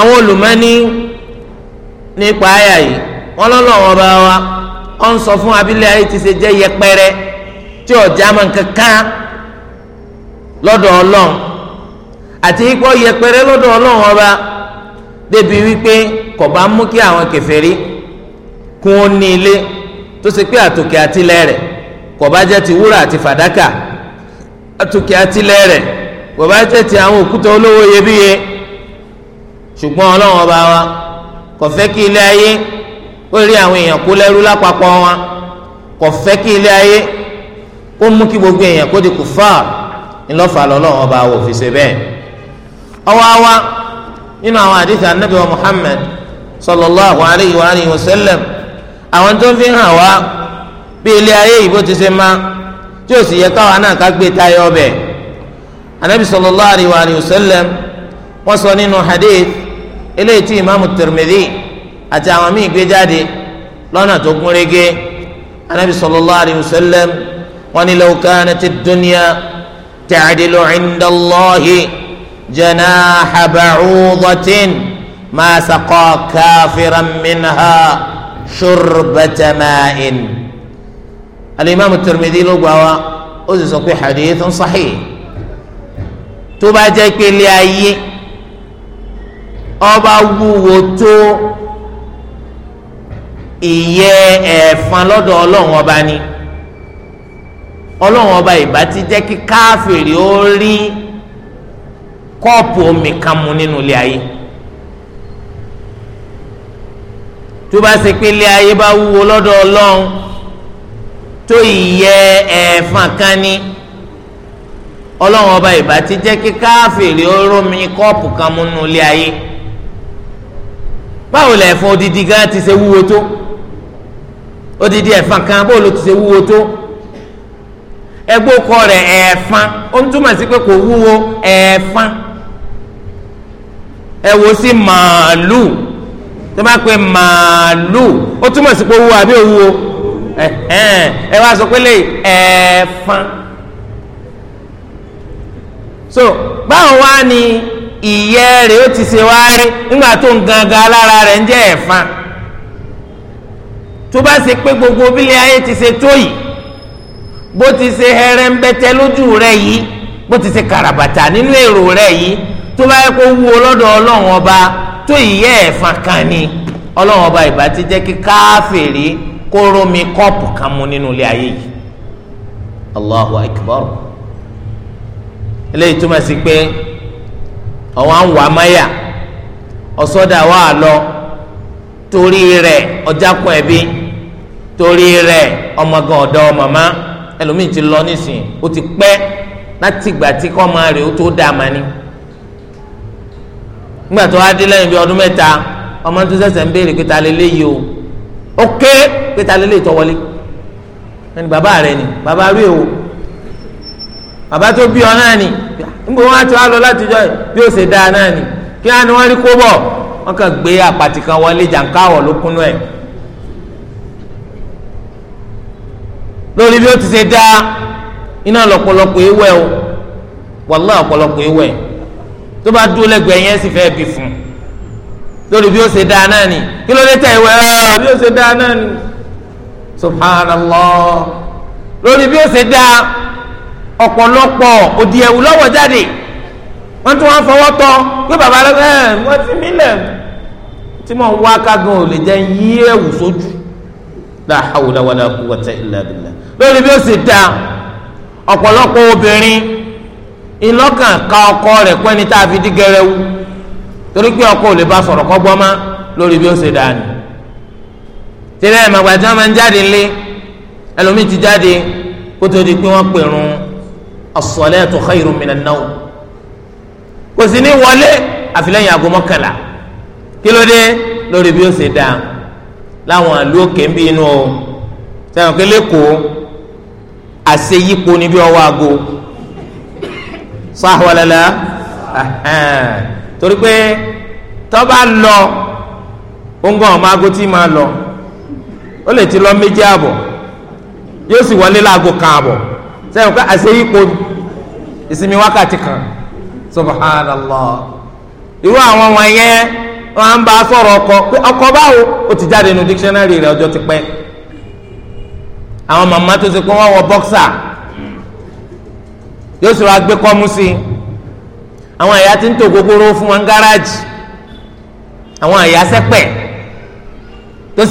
àwọn olùmọ́ni nípa àyà yìí wọn lọ́nà ọba wa ọ ń sọ fún abílẹ̀ ayé ti ṣe jẹ́ yẹpẹrẹ tí ọ̀já máa ń kankan lọ́dọ̀ ọlọ́run àti ikú yẹpẹrẹ lọ́dọ̀ ọlọ́run ọba débi wípé kò bá mú kí àwọn kèfèrí kún ó ní ilé tó ṣe pé àtòkè àtilẹ̀ rẹ̀ kò bá jẹ́ ti wúrà àti fàdákà atukẹ atilẹ rẹ bàbá tẹtẹ àwọn òkúta olówó iyebíye ṣùgbọ́n Ọlọ́run ọba wa kò fẹ́ kí ilé ayé kó rí àwọn èèyàn kó lẹ́rú lápapọ̀ wọn kò fẹ́ kí ilé ayé kó mú kí gbogbo èèyàn kó di kùfàr ńlọfà lọ́lọ́run ọba wa òfin ṣe bẹ́ẹ̀ awa nínú àwọn àdìsí anabi wa sallallahu alayhi wa sallam àwọn tó fi hàn wá bí ilé ayé yìí ti ṣe máa tí ó sì yẹ káwa náà ká gbé tayọ bẹ̀ anabi sallallahu alayhi wa alayhi wa sallam wọ́n sọ nínú hadith eléyìí tí imaamu tirmidhi àti àwọn míì gbé jáde lọ́nà tó gún régé anabi sallallahu alayhi wa sallam wọ́n ní law kanat ad-dunya ta'dilu 'inda Allahi janaha ba'udatin ma saqa kafiran alimami Tirmidhi ló gbà wá ó sì sọ pé hadithun sahih tó bá jẹ́ pé ilé ayé ọba wúwo tó ìyẹ́ ẹ̀fọn lọ́dọ̀ ọlọ́run ọba ni ọlọ́run ọba ìbá ti jẹ́ kí káfìrí ó rí kọ́ọ̀pù omi kan mu nínú ilé ayé tó bá ṣe pé ilé ayé bá wúwo lọ́dọ̀ ọlọ́run tó ìyẹ́ ẹ̀fọn kan ní ọlọ́run ọba ìbá ti jẹ́ kí káfíìrì orómi kọ́ọ̀pù kan múnú ilé ayé báwo lẹ̀ fún odidi gan ti ṣe wúwo tó odidi ẹ̀fọn kan báwo ló ti ṣe wúwo tó ẹgbẹ́ ọkọ rẹ̀ ẹ̀fọn ó ń túmọ̀ sí pé kò wúwo ẹ̀fọn ẹ wo sí màálù tó bá pe màálù ó túmọ̀ sí pé ó àbí òwúwo. Eh, eh, ẹ wá sọ pé lè ẹ̀ẹ̀fọn so báwo wá ni ìyẹ́ rẹ̀ ó ti ṣe wá rí nígbà tó ń gangan lára rẹ̀ ń jẹ́ ẹ̀fọn tó bá ṣe pé gbogbo bílẹ̀ ayé ti ṣe tó yìí bó ti ṣe hẹrẹ́ńbẹ́tẹ́ lójú rẹ̀ yìí bó ti ṣe kàràbàtà nínú èrò rẹ̀ yìí tó bá yẹ kó wú ọ lọ́dọ̀ ọlọ́run ọba tó ìyẹ́ ẹ̀fọn kan ni ọlọ́run ọba ìbá ti jẹ́ kí káfíìrì kó rómi kọ́ọ̀pù kan mu nínú ilé ayé yìí allahu akbar eléyìí túmọ̀ sí pé ọ̀wọ́n à ń wà máyà ọ̀sọ́dà wà á lọ torí rẹ̀ ọjàkùn ẹ̀bí torí rẹ̀ ọmọgàn ọ̀dọ́ màmá ẹlòmíì ti lọ nísìnyí ó ti pẹ́ láti ìgbà tí kọ́ máa rè a ní nígbà tó wá dé lẹ́yìn ọdún mẹ́ta ọmọ tó o ó pé ta ló tọ́ wọlé ẹni bàbá rẹ ni bàbá rí o bàbá tó bí ọ náà ni níbo wọn ti wá lọ látijọ́ bí ó ṣe dáa náà ni kí wọn ni wọn rí kó bọ̀ wọn kàn gbé àpàtì kan wọlé jàǹkáwọ̀ ló kúnú ẹ lórí bí ó ti ṣe dáa iná lọ́pọ̀lọpọ̀ ewé o wàlá ọ̀pọ̀lọpọ̀ ewé tó bá dúró lẹ́gbẹ̀ẹ́ yẹn sì fẹ́ bí fún lórí bí ó ṣe dáa náà ni kí ló dé ìwé bí ó ṣe dáa náà ni. subhanallah lórí bí ó ṣe dá ọ̀pọ̀lọpọ̀ òdì ẹ̀wù lọ́wọ́ jáde wọ́n tún wọ́n fọwọ́ tọ́ pé bàbá rẹ̀ ẹ̀ wọ́n ti mí lẹ̀ tí mò wá kágun ò lè jẹ́ yí ẹ̀wù sójú la hawla wala quwwata illa billah lórí bí ó ṣe dá ọ̀pọ̀lọpọ̀ obìnrin ìlọ́kàn ka ọkọ rẹ̀ pẹ́ni tá a fi dí gẹrẹwu torí pé ọkọ ò lè bá sọ̀rọ̀ kọ́gbọ́n má lórí bí ó ṣe dá ni tẹ́lẹ̀ màgbà tí wọ́n máa ń jáde lé ẹlòmíì ti jáde kó tó di pé wọ́n pèrún as-salatu khayrun minan nawm kò sí ní wọlé àfilẹ́yìn aago mọ́kànlá kí ló dé lórí bí ó ṣe dáa láwọn àlú òkè ń bí inú o sẹ́wọ̀n kí lẹ́kọ̀ọ́ àṣeyípo ni bí ọwọ́ aago sáhùwalẹ́lẹ́ torí pé tọ́ lọ ó ń gbọ́n ọmọ aago máa lọ. ó lè ti lọ méjì àbọ̀ yóò sì wọlé láago kan àbọ̀ sẹ́yìn pé àṣeyípo ìsinmi wákàtí kan subhanallah irú àwọn wọ̀nyẹn wọn bá a sọ̀rọ̀ ọkọ pé ọkọ báwo ó ti jáde nu dictionary ti pẹ́ àwọn màmá tó ti pẹ wọ́n wọ bọ́ksà yóò sì wá gbé kọ́mú sí i àwọn ti ń tò gbogbooro fún wọn gáràjì àwọn tó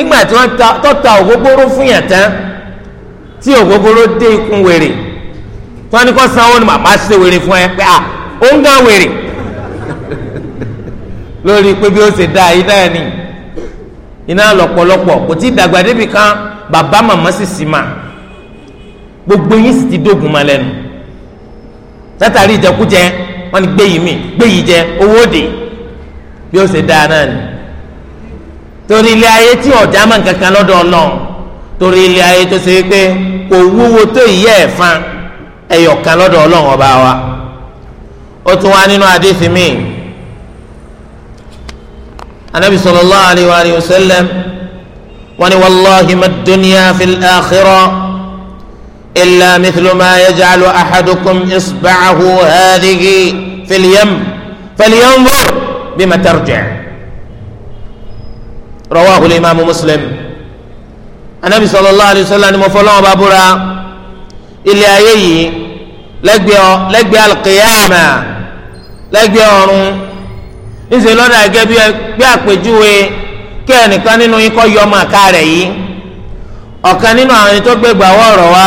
ìgbà tí wọ́n tọ́ta ògógóró fún yàn tán tí ògógóró dé ikùn wèrè tí wọ́n ní kó sanwó ni màmá ṣe wèrè fún ẹ pé à ó ń gán wèrè lórí pé bí ó ṣe dá iná ẹ ní iná lọ́pọ̀lọpọ̀ kò tí dàgbà débi kan bàbá màmá sì sì mà gbogbo yín sì ti dógun ma lẹ́nu látàrí ìjẹkújẹ wọ́n ní gbé yìí mì gbé yìí jẹ owó òde bí ó ṣe dá náà ni torí ilé ayé tí ọ̀já máa ń kankan lọ́dọ̀ ọlọ́run torí ilé ayé tó ṣe é pé kò wúwo tó ìyẹ́ ẹ̀fọn ẹ̀yọ̀kan lọ́dọ̀ ọlọ́run ọba wa ó tún wá nínú àdéhìí mi anabi sallallahu alayhi wa sallam wọ́n ní wàllahi ma dunya fi akhira illa mithlu ma yaj'alu ahadukum isba'ahu hadhihi fil yam falyanzur bima tarji' rawahu al-imam muslim anabi sallallahu alayhi wa sallam ni mo fọlọ́n ọba búra ilé ayé yìí lẹ́gbẹ̀ẹ́ alqiyama lẹ́gbẹ̀ẹ́ ọ̀run ńṣe lọ́dà gẹ́gẹ́ bí àpèjúwe kí ẹnìkan nínú yín kọ́ yọ ọmọ àká rẹ̀ yìí ọ̀kan nínú àwọn ẹni tó gbé gbàwọ́ ọ̀rọ̀ wa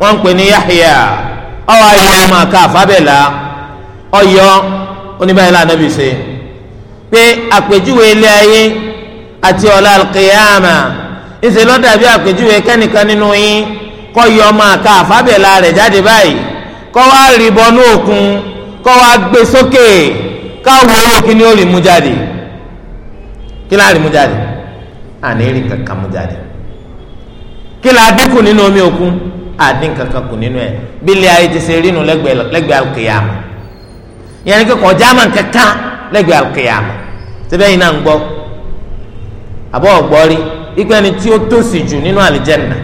wọ́n ń pè ní Yahya ọwọ́ ayé ọmọ àká àfábẹ́là ọ̀yọ́ oníbàyẹ̀lá anabi ṣe pé àpèjúwe ilé ayé àti ọ̀la alqiyama ìṣe ló dàbí àpèjúwe kẹ́nìkan nínú yín kọ́ yọ ọmọ àka àfábẹ́lá rẹ̀ jáde báyìí kọ́ wá rìbọn ní òkun kọ́ wá gbé sókè káwọn owó kíní ó rí mú jáde kí láà rí mú jáde àní rí kankan mú jáde kí láà dínkù nínú omi òkun àdín kankan kù nínú ẹ bílẹ̀ ayé ti ṣe rí lẹ́gbẹ̀ẹ́ alqiyama yẹn ni kò kọjá kankan lẹ́gbẹ̀ẹ́ alqiyama síbẹ̀ yìí náà ń gbọ́ àbọ̀ ọ̀gbọ́rí ikú ẹni tí ó tòṣì jù nínú àlìjẹ́nà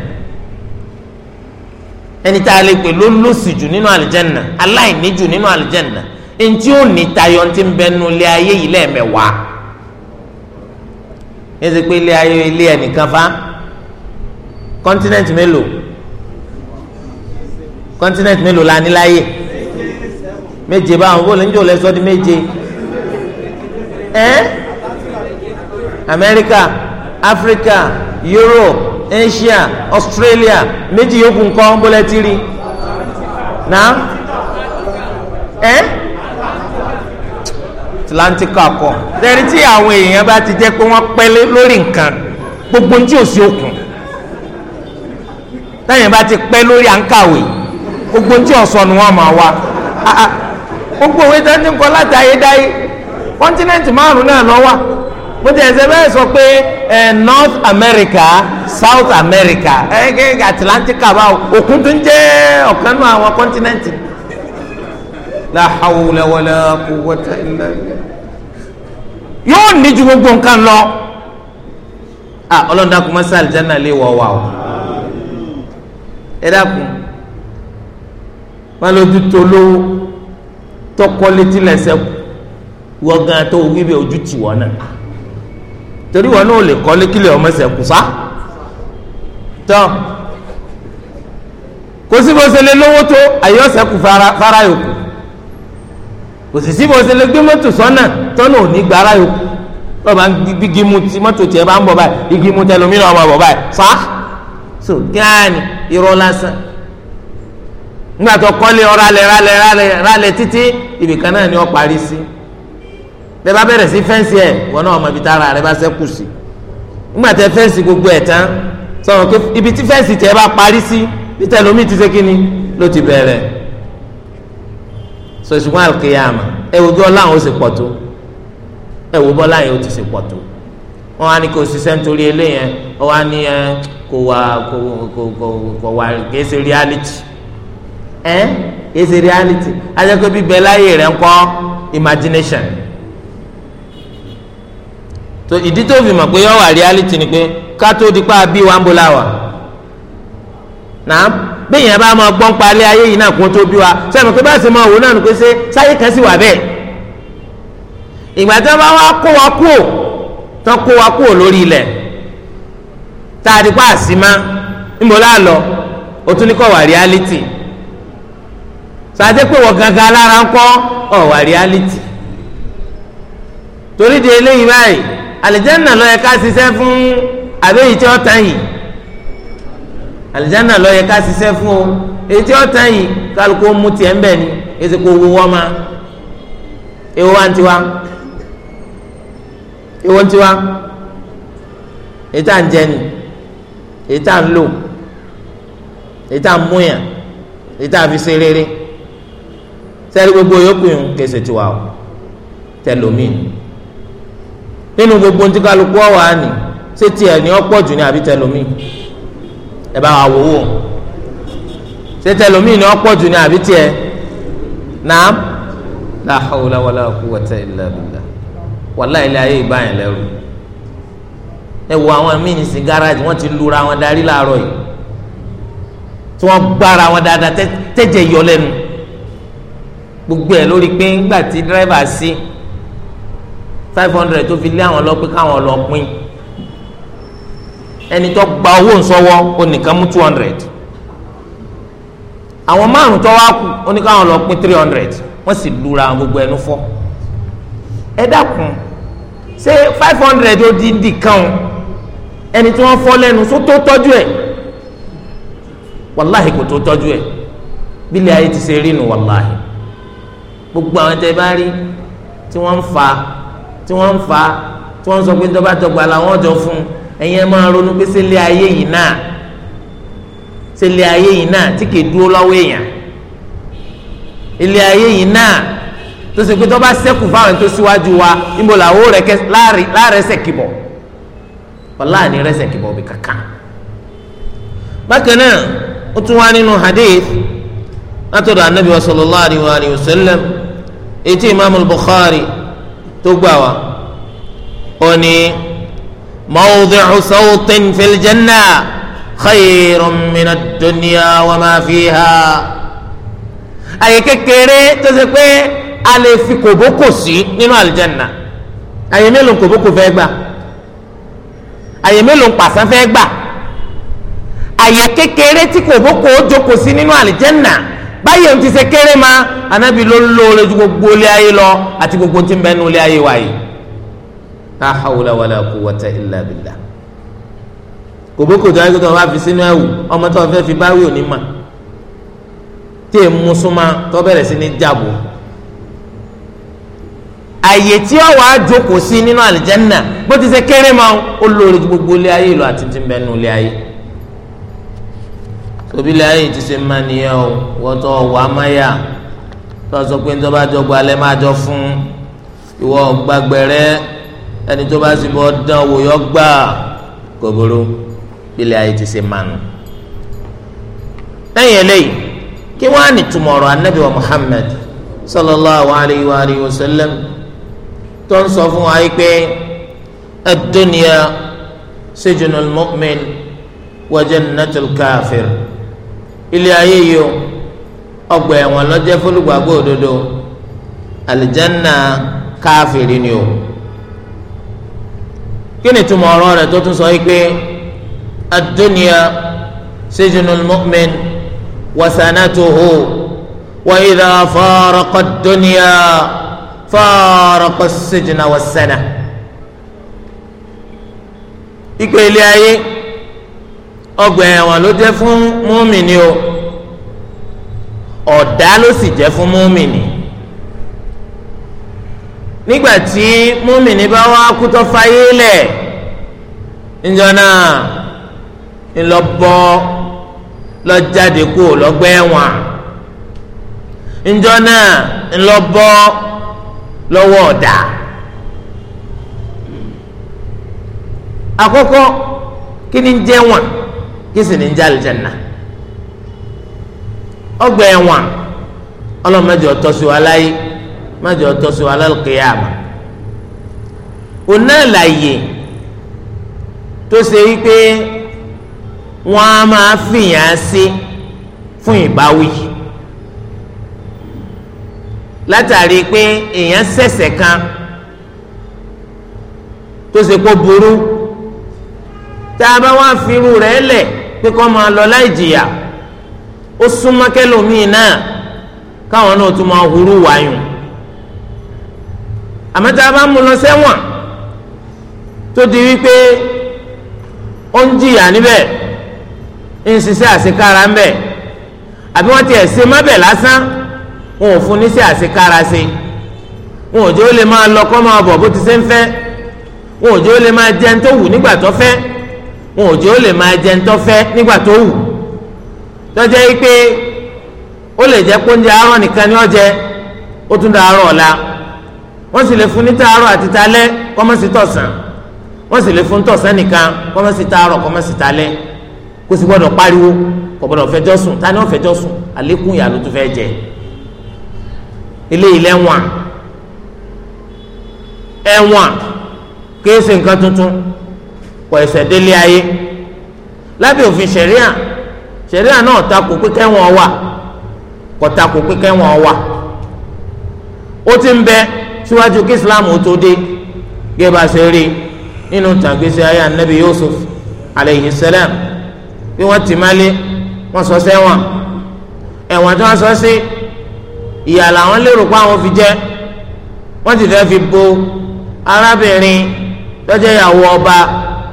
ẹni tá a lè pè ló lòṣì jù nínú àlìjẹ́nà aláìní jù nínú àlìjẹ́nà ẹni tí ó ní tayọ ti ń bẹ nu ilé ayé yìí lẹ́ẹ̀mẹ̀wàá ẹ ṣe pé ilé ayé ilé ẹnìkan fa kọ́ńtínẹ́ǹtì mélòó kọ́ńtínẹ́ǹtì mélòó la ní láyé méje báwọn bó lè ń jò lẹ́sọ́ di méje ẹ́. Eh? amẹ́ríkà áfíríkà europe asia australia méjì yòókù ńkọ́ ńbọ́lẹ́ na? rí náà ẹ́ atlantic akọ tẹ́rí tí àwọn èèyàn bá ti jẹ́ pé wọ́n pẹ́ lórí nǹkan gbogbo tí ò sí òkun tẹ́yìn bá ti pẹ́ lórí àǹkàwé gbogbo tí ọ̀sọ̀ ni wọ́n máa wá ah, ah. gbogbo òwe tẹ́tí ń kọ́ láti ayédáyé kọ́ńtínẹ́ǹtì márùn náà lọ́wọ́ mo ti ẹsẹ bẹ́ẹ̀ sọ North America South America ẹ kẹ Atlantic báwo òkun tó ń jẹ ọ̀kan náà àwọn kọ́ńtínẹ́ǹtì yóò ní ju gbogbo nǹkan lọ ah ọlọ́run dákun má sáà lè wọ̀ wá o ẹ tó lówó torí wọn náà lè kọ́lé kílẹ̀ ọmọ ẹsẹ̀ kù sá tán kò sí bó ṣe lè lówó tó àyè ọ̀sẹ̀ kù fara yòókù kò sì sí bó ṣe lè gbé mọ́tò sọ́nà tọ́nà ò ní gba ara yòókù tó bá ń gbígi mu tí mọ́tò tiẹ̀ bá ń bọ̀ báyìí igi mu tẹlómi náà máa bọ̀ báyìí sá so gíánì irọ́ lásán nígbà tó kọ́lé ọ̀rọ̀ rálẹ̀ rálẹ̀ rálẹ̀ títí ibìkan náà ni wọ́n parí sí bẹ́ẹ̀ bá bẹ̀rẹ̀ sí fẹ́ǹsì ẹ̀ wọn náà ọmọ ibi tá ara rẹ bá sẹ́kù sí nígbà tẹ fẹ́ǹsì gbogbo ẹ̀ tán sọ̀rọ̀ pé ibi tí fẹ́ǹsì tẹ bá parí sí bí tẹlomi ti ṣe kíni ló ti bẹ̀rẹ̀ sọ̀sùnwó àlùkìyàmà ẹ wo bí ọláhùn ó sì pọ̀ tó ẹ wo bọ́lá yẹn ó ti sì pọ̀ tó wọn á ní kò ṣiṣẹ́ nítorí eléyẹn wọn á ní kò wà kò kò kò kò wà kì reality ẹ kì reality ajẹ́ pé bíbẹ̀ láyé rẹ̀ ń kọ́ imagination. to ìdí tó fi mọ̀ pé yọ wà reality ni pé ká tó di pa bí wa ń bo la wà náà bẹ́ẹ̀ yẹn bá máa gbọ́n pa ayé yìí náà kó tó bí wa sẹ́mi pé báyìí sì máa wò pé ṣé sáyé kan wa kú ò tán kó wa kú ò lórí ilẹ̀ tá a di pa àsìmá ńbọ láà lọ o tún ní kọ́ wà reality sàdé pé wọ́n gangan lára ń kọ́ ọ̀ àlìjáná ló yẹ ká ṣiṣẹ́ fún àbí èyí tí ó tán yìí àlìjáná ló yẹ ká ṣiṣẹ́ fún o èyí tí ó tán yìí kálukú mú ni èsì kò wú wọ́n ma èwo wá ń tiwa èwo ń tiwa èyí tá à ń jẹ ni èyí tá à ń lò èyí tá gbogbo yòókù yìí ń tiwa o tẹlomi ni nínú gbogbo ntí kálukú ọ̀wà ni ṣé tiẹ̀ ní ọ̀pọ̀ jù ní àbí tẹlomi ẹ bá wa wò ó ṣé tẹlomi ní ọ̀pọ̀ jù ní àbí tiẹ̀ náà la hawla wala quwwata illa billah wàlá ilé ayé ìbáyẹn lẹ́rù ẹ wo àwọn míì ní sí gáràjì wọ́n ti lura wọn darí láàárọ̀ yìí tí wọ́n gbára wọn dáadáa tẹ́jẹ̀ yọ lẹ́nu gbogbo ẹ̀ lórí pé ńgbà tí dírẹ́fà sí. Si five hundred tó fi lé àwọn lọ pé káwọn lọ pín ẹni tó gba owó nsọwọ́ ó nìkan mú two hundred àwọn márùn tó wá kù ó ní káwọn lọ pín three hundred wọ́n sì lura gbogbo ẹnu fọ́ ẹ dákun ṣé five hundred ó di nìkan ẹni tí wọ́n fọ́ lẹ́nu só tó tọ́jú ẹ̀ wàláhì kò tó tọ́jú ẹ̀ bílẹ̀ ayé ti ṣe rí nu wàláhì gbogbo àwọn tẹ bá rí tí wọ́n ń fa tí wọ́n ń fa tí wọ́n ń sọ pé dọ́gba dọ́gba làwọn jọ fún ẹ̀yin ẹ̀ máa ronú pé sílé ayé yìí náà sílé ayé yìí náà tí kì í dúró lọ́wọ́ èèyàn ilé ayé yìí náà tó ṣe pé dọ́gba sẹ́kù fáwọn tó síwájú wa níbo làwọn ò rẹ̀kẹ́ láàrẹ́sẹ̀ kìbọ̀ wàláàní rẹ́sẹ̀ kìbọ̀ bí kankan bákan náà ó tún wá nínú hadith látọ̀dọ̀ anabi wa sallallahu alayhi wa sallam etí imaamu bukhari tó gbà wá ó ní mawdi'u sawtin fil janna khayrun min ad-dunya wa ma fiha àyè kékeré tó ṣe pé a lè fi kòbókò sí nínú àlìjẹ́nà àyè mélòó kòbókò fẹ́ gbà àyè mélòó pàṣán fẹ́ gbà àyè kékeré tí kòbókò ó jókòó sí nínú àlìjẹ́nà báyìí òun ti ṣe kéré ma anabi ló ń lò lójú gbogbo ilé ayé lọ àti gbogbo tí ń bẹ nu ilé ayé wa yìí la hawla wala quwwata illa billah kòbókò tó ayélujára wà fi sínú ẹ̀wù ọmọ tó fẹ́ fi báwí òní mà tí è mú súnmọ́ tó bẹ̀rẹ̀ sí ní jàbọ̀ àyè tí ó wàá jókòó sí nínú àlìjẹ́nà bó ti ṣe kéré ma ó lóore gbogbo ilé ayé lọ àti tí ń bẹ nu ilé ayé tóbi lẹ́yìn ti ṣe máa nìyẹn o wọ́n tó wà á máyà tó sọ pé tó bá jọ gba alẹ́ máa jọ fún ìwọ gbàgbẹ́rẹ́ ẹni tó bá sì bọ́ dán wò yọ gbà kò burú bílẹ̀ ayé ti ṣe máa nù. lẹ́yìn eléyìí kí wọ́n á ní túmọ̀ ọ̀rọ̀ wa Muhammad sallallahu alayhi wa alayhi wa sallam tó ń sọ fún wa yìí pé ad-dunya sijnul mu'min wa jannatul ilé ayé yìí o ọgbà ẹ̀wọ̀n ló jẹ́ fólùgbàgbọ́ òdodo àlìjánná káfìrí ni o kí ni túmọ̀ ọ̀rọ̀ rẹ̀ tó tún sọ yìí pé ad-dunya sijnul mu'min wa wa idha faraqa ad-dunya faraqa as-sijna ilé ayé. ọgbà ẹ̀wọ̀n ló jẹ́ fún múmìnì o ọ̀dá ló sì jẹ́ fún múmìnì nígbà tí múmìnì bá wá kútọ tó fayé lẹ̀ náà ńlọ lọ jáde kú lọ́gbà ẹ̀wọ̀n njọ náà ńlọ bọ́ lọ́wọ́ ọ̀dà àkọ́kọ́ kí ni ń kí sì ní jẹ́ àlùjánnà ọgbà ẹ̀wọ̀n ọlọ́run mẹ́jọ tọ́ sí wa láyé mẹ́jọ tọ́ sí wa lálùkìyàmà òun náà láàyè tó ṣe wípé wọ́n á máa fìyàn sí fún ìbáwí látàrí pé èèyàn ṣẹ̀ṣẹ̀ kan tó ṣe kó burú tá a bá wá fi irú rẹ̀ lẹ̀ pé kọ́ máa lọ láì jìyà ó súnmọ́ kẹlòmíì náà káwọn náà tún máa hurú wáyùn àmọ́ tá a bá mú lọ sẹ́wọ̀n tó di wípé ó ń jìyà níbẹ̀ ń ṣiṣẹ́ àṣekára ńbẹ̀ àbí wọ́n tiẹ̀ ṣe mọ́bẹ̀ lásán wọn ò fún níṣẹ́ àṣekára ṣe wọn ò jẹ́ ó lè máa lọ kọ́ máa bọ̀ bó ti ṣe ń fẹ́ wọn ò jẹ́ ó lè máa jẹun tó wù nígbà tó fẹ́ wọn ò jẹ́ ó lè máa jẹ ńtọ́fẹ́ nígbà tó wù tọ́jẹ́ yìí pé ó lè jẹ́ pé oúnjẹ àárọ̀ nìkan ni ó jẹ ó tún dàárọ̀ ọ̀la wọ́n sì lè fún ní tàárọ̀ àti talẹ́ kọ́mọ́sí tọ̀sán wọ́n sì lè fún tọ̀sán nìkan kọ́mọ́sí tàárọ̀ kọ́mọ́sí talẹ́ kó sì gbọ́dọ̀ pariwo kò gbọ́dọ̀ fẹjọ́ sùn ta ni wọ́n fẹjọ́ sùn àlékún ìyà ló tún fẹ́ jẹ ilé ilẹ̀ wọn ẹ̀wọ̀n kìí ṣe nǹkan tuntun kọ ẹsẹ̀ délé ayé lábẹ́ òfin ṣẹ̀ríà ṣẹ̀ríà náà takò pé kẹ́wọ̀n wà kò takò pé kẹ́wọ̀n wà ó ti ń bẹ síwájú kí islam tó dé gẹ́gẹ́ bá ṣe rí nínú tàgbésí ayé anabi yusuf aleyhi salam bí wọ́n ti má lé wọ́n sọ sẹ́wọ̀n ẹ̀wọ̀n tí wọ́n sọ sí ìyà làwọn lérò pé àwọn fi jẹ́ wọ́n ti fẹ́ fi bo arábìnrin tọ́jú ìyàwó ọba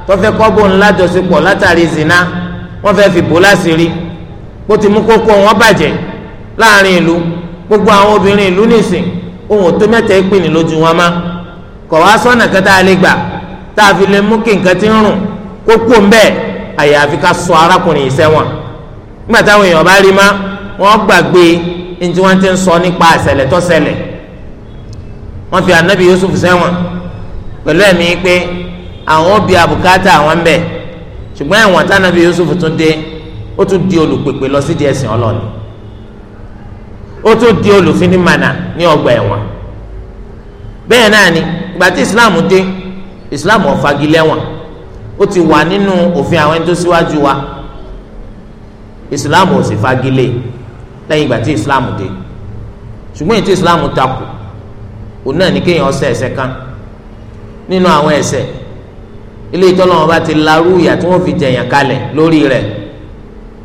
tọ́fẹ́ kọ́bù ńlá jọ̀sípọ̀ látàrí zina wọ́n fẹ́ fi bò láṣìírí bó ti mú kókó wọn bàjẹ́ láàrin ìlú gbogbo àwọn obìnrin ìlú nìsín ohun tó mẹ́ta ìpìnì lójú wọn má kọ̀ wá sọ́nà kẹta àlegbà tá a fi lè mú kí nǹkan ti ń rùn kókó ń bẹ́ẹ̀ àyàfi ká sọ arákùnrin yìí sẹ́wọ̀n nígbà táwọn èèyàn bá rí má wọ́n gbàgbé ní tí wọ́n ti ń sọ nípa àṣẹlẹ̀ tó ṣẹlẹ̀ wọ́n fi ànábì Yusuf sẹ́wọ̀n pẹ̀lú ẹ̀mí pé àwọn bíi àbùkátà àwọn bẹ ṣùgbọ́n ẹ̀wọ̀n tánàbí Yusuf tún dé ó tún di olùpèpè lọ sí di ẹ̀sìn ọlọ́ọ̀ni ó tún di olùfinimànà ní ọgbà ẹ̀wọ̀n bẹ́ẹ̀ náà ni ìgbà tí Islam dé Islam ò fagilẹ́wọ̀n ó ti wà nínú òfin àwọn ẹni tó síwájú wa Islam ò sì fagilé lẹ́yìn ìgbà tí Islam dé ṣùgbọ́n ètò Islam takò òun náà ní kéèyàn ọsẹ ẹ̀ṣẹ̀ kan nínú àwọn ẹ̀ṣẹ̀ ilé ìtọ́lọ́ wọn bá ti larú ìyà tí wọ́n fi jẹ̀yàn kalẹ̀ lórí rẹ̀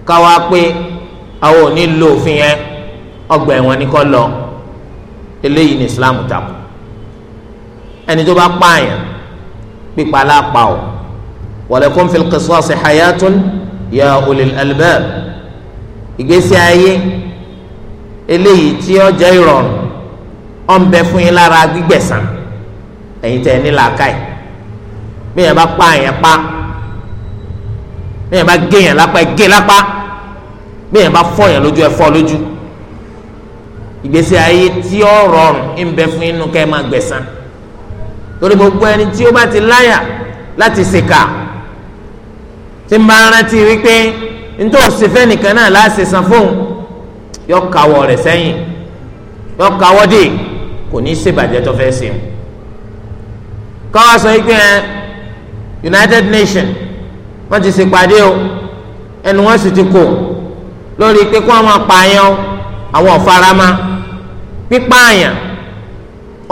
káwa pé àwọn ò ní lo òfin yẹn ọgbà ẹ̀wọ̀n ni kọ́ lọ eléyìí ní Islam takò ẹni tó bá pààyàn pípa lápá o walakum fil qisasi hayatun ya ulil albab ìgbésí ayé eléyìí tí ó jẹ́ ìrọ̀rùn ó fún yín lára gbígbẹ̀san ẹ̀yin tẹ̀ ní làákàyè bí yẹn bá pa àyàn pa bí yẹn bá gé yẹn lápá gé lápá bí yẹn bá fọ́ yẹn lójú ẹ fọ́ lójú ìgbésí ayé tí ó rọrùn ń bẹ fún inú kẹ́ ẹ máa gbẹ̀san torí gbogbo ẹni tí ó bá ti láyà láti ṣèkà tí ń bá rántí wípé nítorí òṣèfẹ́ nìkan náà láti san fóun yọ kàwọ́ rẹ̀ sẹ́yìn yọ kàwọ́ dé kò ní í ṣèbàjẹ́ tó fẹ́ ṣe káwá sọ wípé ẹ United Nations wọ́n ti ṣèpàdé o ẹnu wọn sì ti kò lórí pé kó àwọn apààyàn àwọn ọ̀farama pípààyàn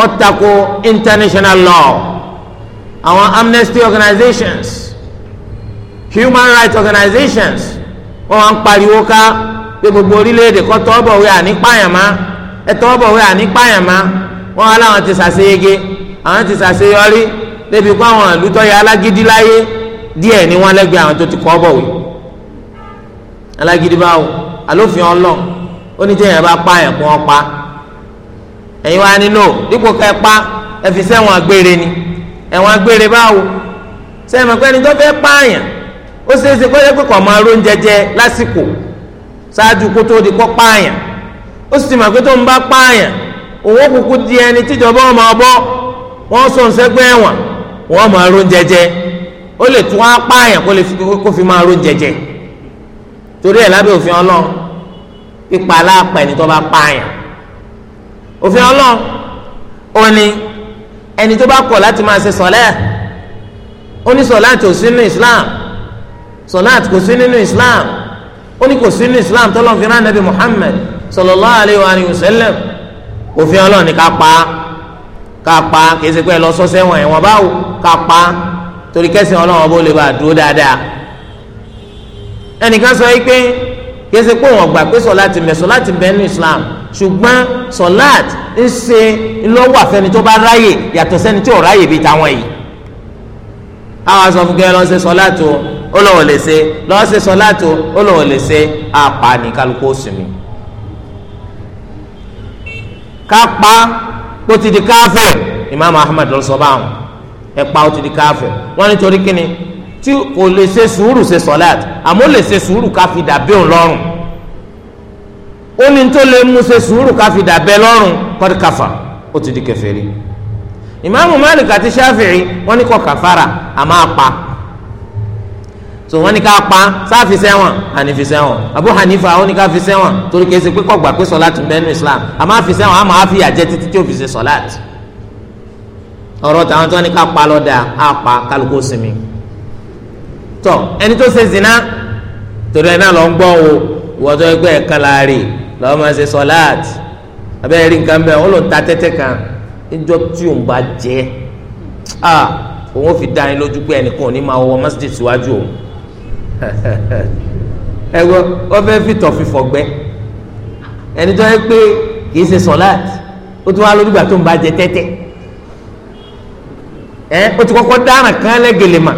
ọ̀tako international law àwọn amnesty organizations human rights organizations wọ́n wá ń pariwo ká pé gbogbo orílẹ̀-èdè kọ́ tọ́ bọ̀wé ànípààyàn má ẹ tọ́ bọ̀wé ànípààyàn má wọ́n wá láwọn ti ṣàṣeyege àwọn ti ṣàṣeyọrí débi pé àwọn àlùtọ́ yẹ alágídí láyé díẹ̀ ni wọ́n lẹ́gbẹ̀ẹ́ àwọn tó ti kọ́ bọ̀wé alágídí báwo alófin ọlọ́ ó ní tẹ̀yìn bá pa ẹ̀ kún ọ pa ẹ̀yin wa ni no dípò ká ẹ pa ẹ sẹ́wọ̀n agbére ni ẹ̀wọ̀n agbére báwo sẹ́wọ̀n agbére ni tó fẹ́ pààyàn ó ṣeé ṣe kó yẹ pé kò máa róúnjẹ jẹ lásìkò ṣáájú kó tó di kó pààyàn ó sì mà pé tó ń bá pààyàn òwò kúkú di ẹni tíjọba ọmọ ọbọ wọn sọ ń sẹgbẹ ẹ̀wọ̀n wọ́n máa rún jẹjẹ ó lè tún wá pààyàn kó lè fi kó fi máa rún jẹjẹ torí ẹ̀ lábẹ́ òfin ọlọ́run pípa aláàpá ẹni tó bá pààyàn òfin ọlọ́run ó ní ẹni tó bá kọ̀ láti máa ṣe sọ̀lẹ́ ó ní sọ̀lá tó sí nínú Islam sọ̀lá kò sí nínú Islam ó ní kò sí nínú Islam tó lọ́n fi rán nàbì Muhammad sallallahu alayhi wa sallam òfin ọlọ́run ni ká pa ká pa kì í ṣe pé ẹ lọ sọ́sẹ́ wọn ẹ̀wọ̀n báwo kápá torí kẹsìn ọlọ́wọ́n bó lè bá dúró dáadáa ẹnìkan sọ yìí pé kẹsì pé wọn gbà pé sọláàtì mẹ sọláàtì bẹ nínú Islam ṣùgbọ́n sọláàtì ń ṣe ńlọ́wọ́ àfẹni tó bá ráyè yàtọ̀ sẹ́ni tí ò ráyè bíi táwọn yìí àwọn aṣọ fúnkẹ́ ẹ lọ́ọ́ ṣe sọláàtì o ó lọ́wọ́ lè ṣe lọ́ọ́ ṣe sọláàtì o ó lọ́wọ́ lè ṣe àpàní kálukú oṣù mi kápá kó ti di káfẹ́ Imam Ahmad ló sọ báwọn ẹ pa ó ti di káfẹ wọn nítorí kíni tí kò lè ṣe sùúrù ṣe sọláàtì àmọ́ lè ṣe sùúrù ká fi dàbẹ òun lọ́rùn ó ní tó lè mú ṣe sùúrù ká fi dàbẹ lọ́rùn kọ́dí káfà ó ti di kèfèrí ìmáàmù Malik àti Shafi'i wọn ní kọ kàfàrà àmọ́ apá so wọn ní ká pa sáfi sẹ́wọ̀n ànífi sẹ́wọ̀n Abu Hanifa ó ní ká fi sẹ́wọ̀n torí kìí ṣe pé kọgbà pé sọláàtì ń bẹ nínú Islam àmọ́ àfi sẹ́wọ̀n àmọ́ àfi àjẹ títí tí ó fi ṣe sọláàtì ọ̀rọ̀ tàwọn tó ní ká pa lọ́dà á pa kálukú sinmi tọ ẹni tó ṣe zina torí ẹ náà lọ ń gbọ́ o wọ́tọ́ ẹgbẹ́ ẹ̀ kan láàrin lọ́wọ́ máa ṣe sọ́láàtì abẹ́rẹ́ rí nǹkan bẹ́ẹ̀ ó lọ ta tẹ́tẹ́ kan níjọ́ tí òun bá jẹ́ a òun fi dá yín lójú pé ẹnìkan ò ní máa wọ masjid síwájú òun ẹ gbọ́ wọ́n fẹ́ fìtọ̀ fífọ̀ gbẹ́ ẹni tó yẹ pé kì í ṣe sọ́láàtì ó tún wá lórí ìgbà tó ń bá jẹ tẹ́tẹ́ ẹ o ti kọ́kọ́ dáràn kan lẹ́gẹ̀lẹ̀ mà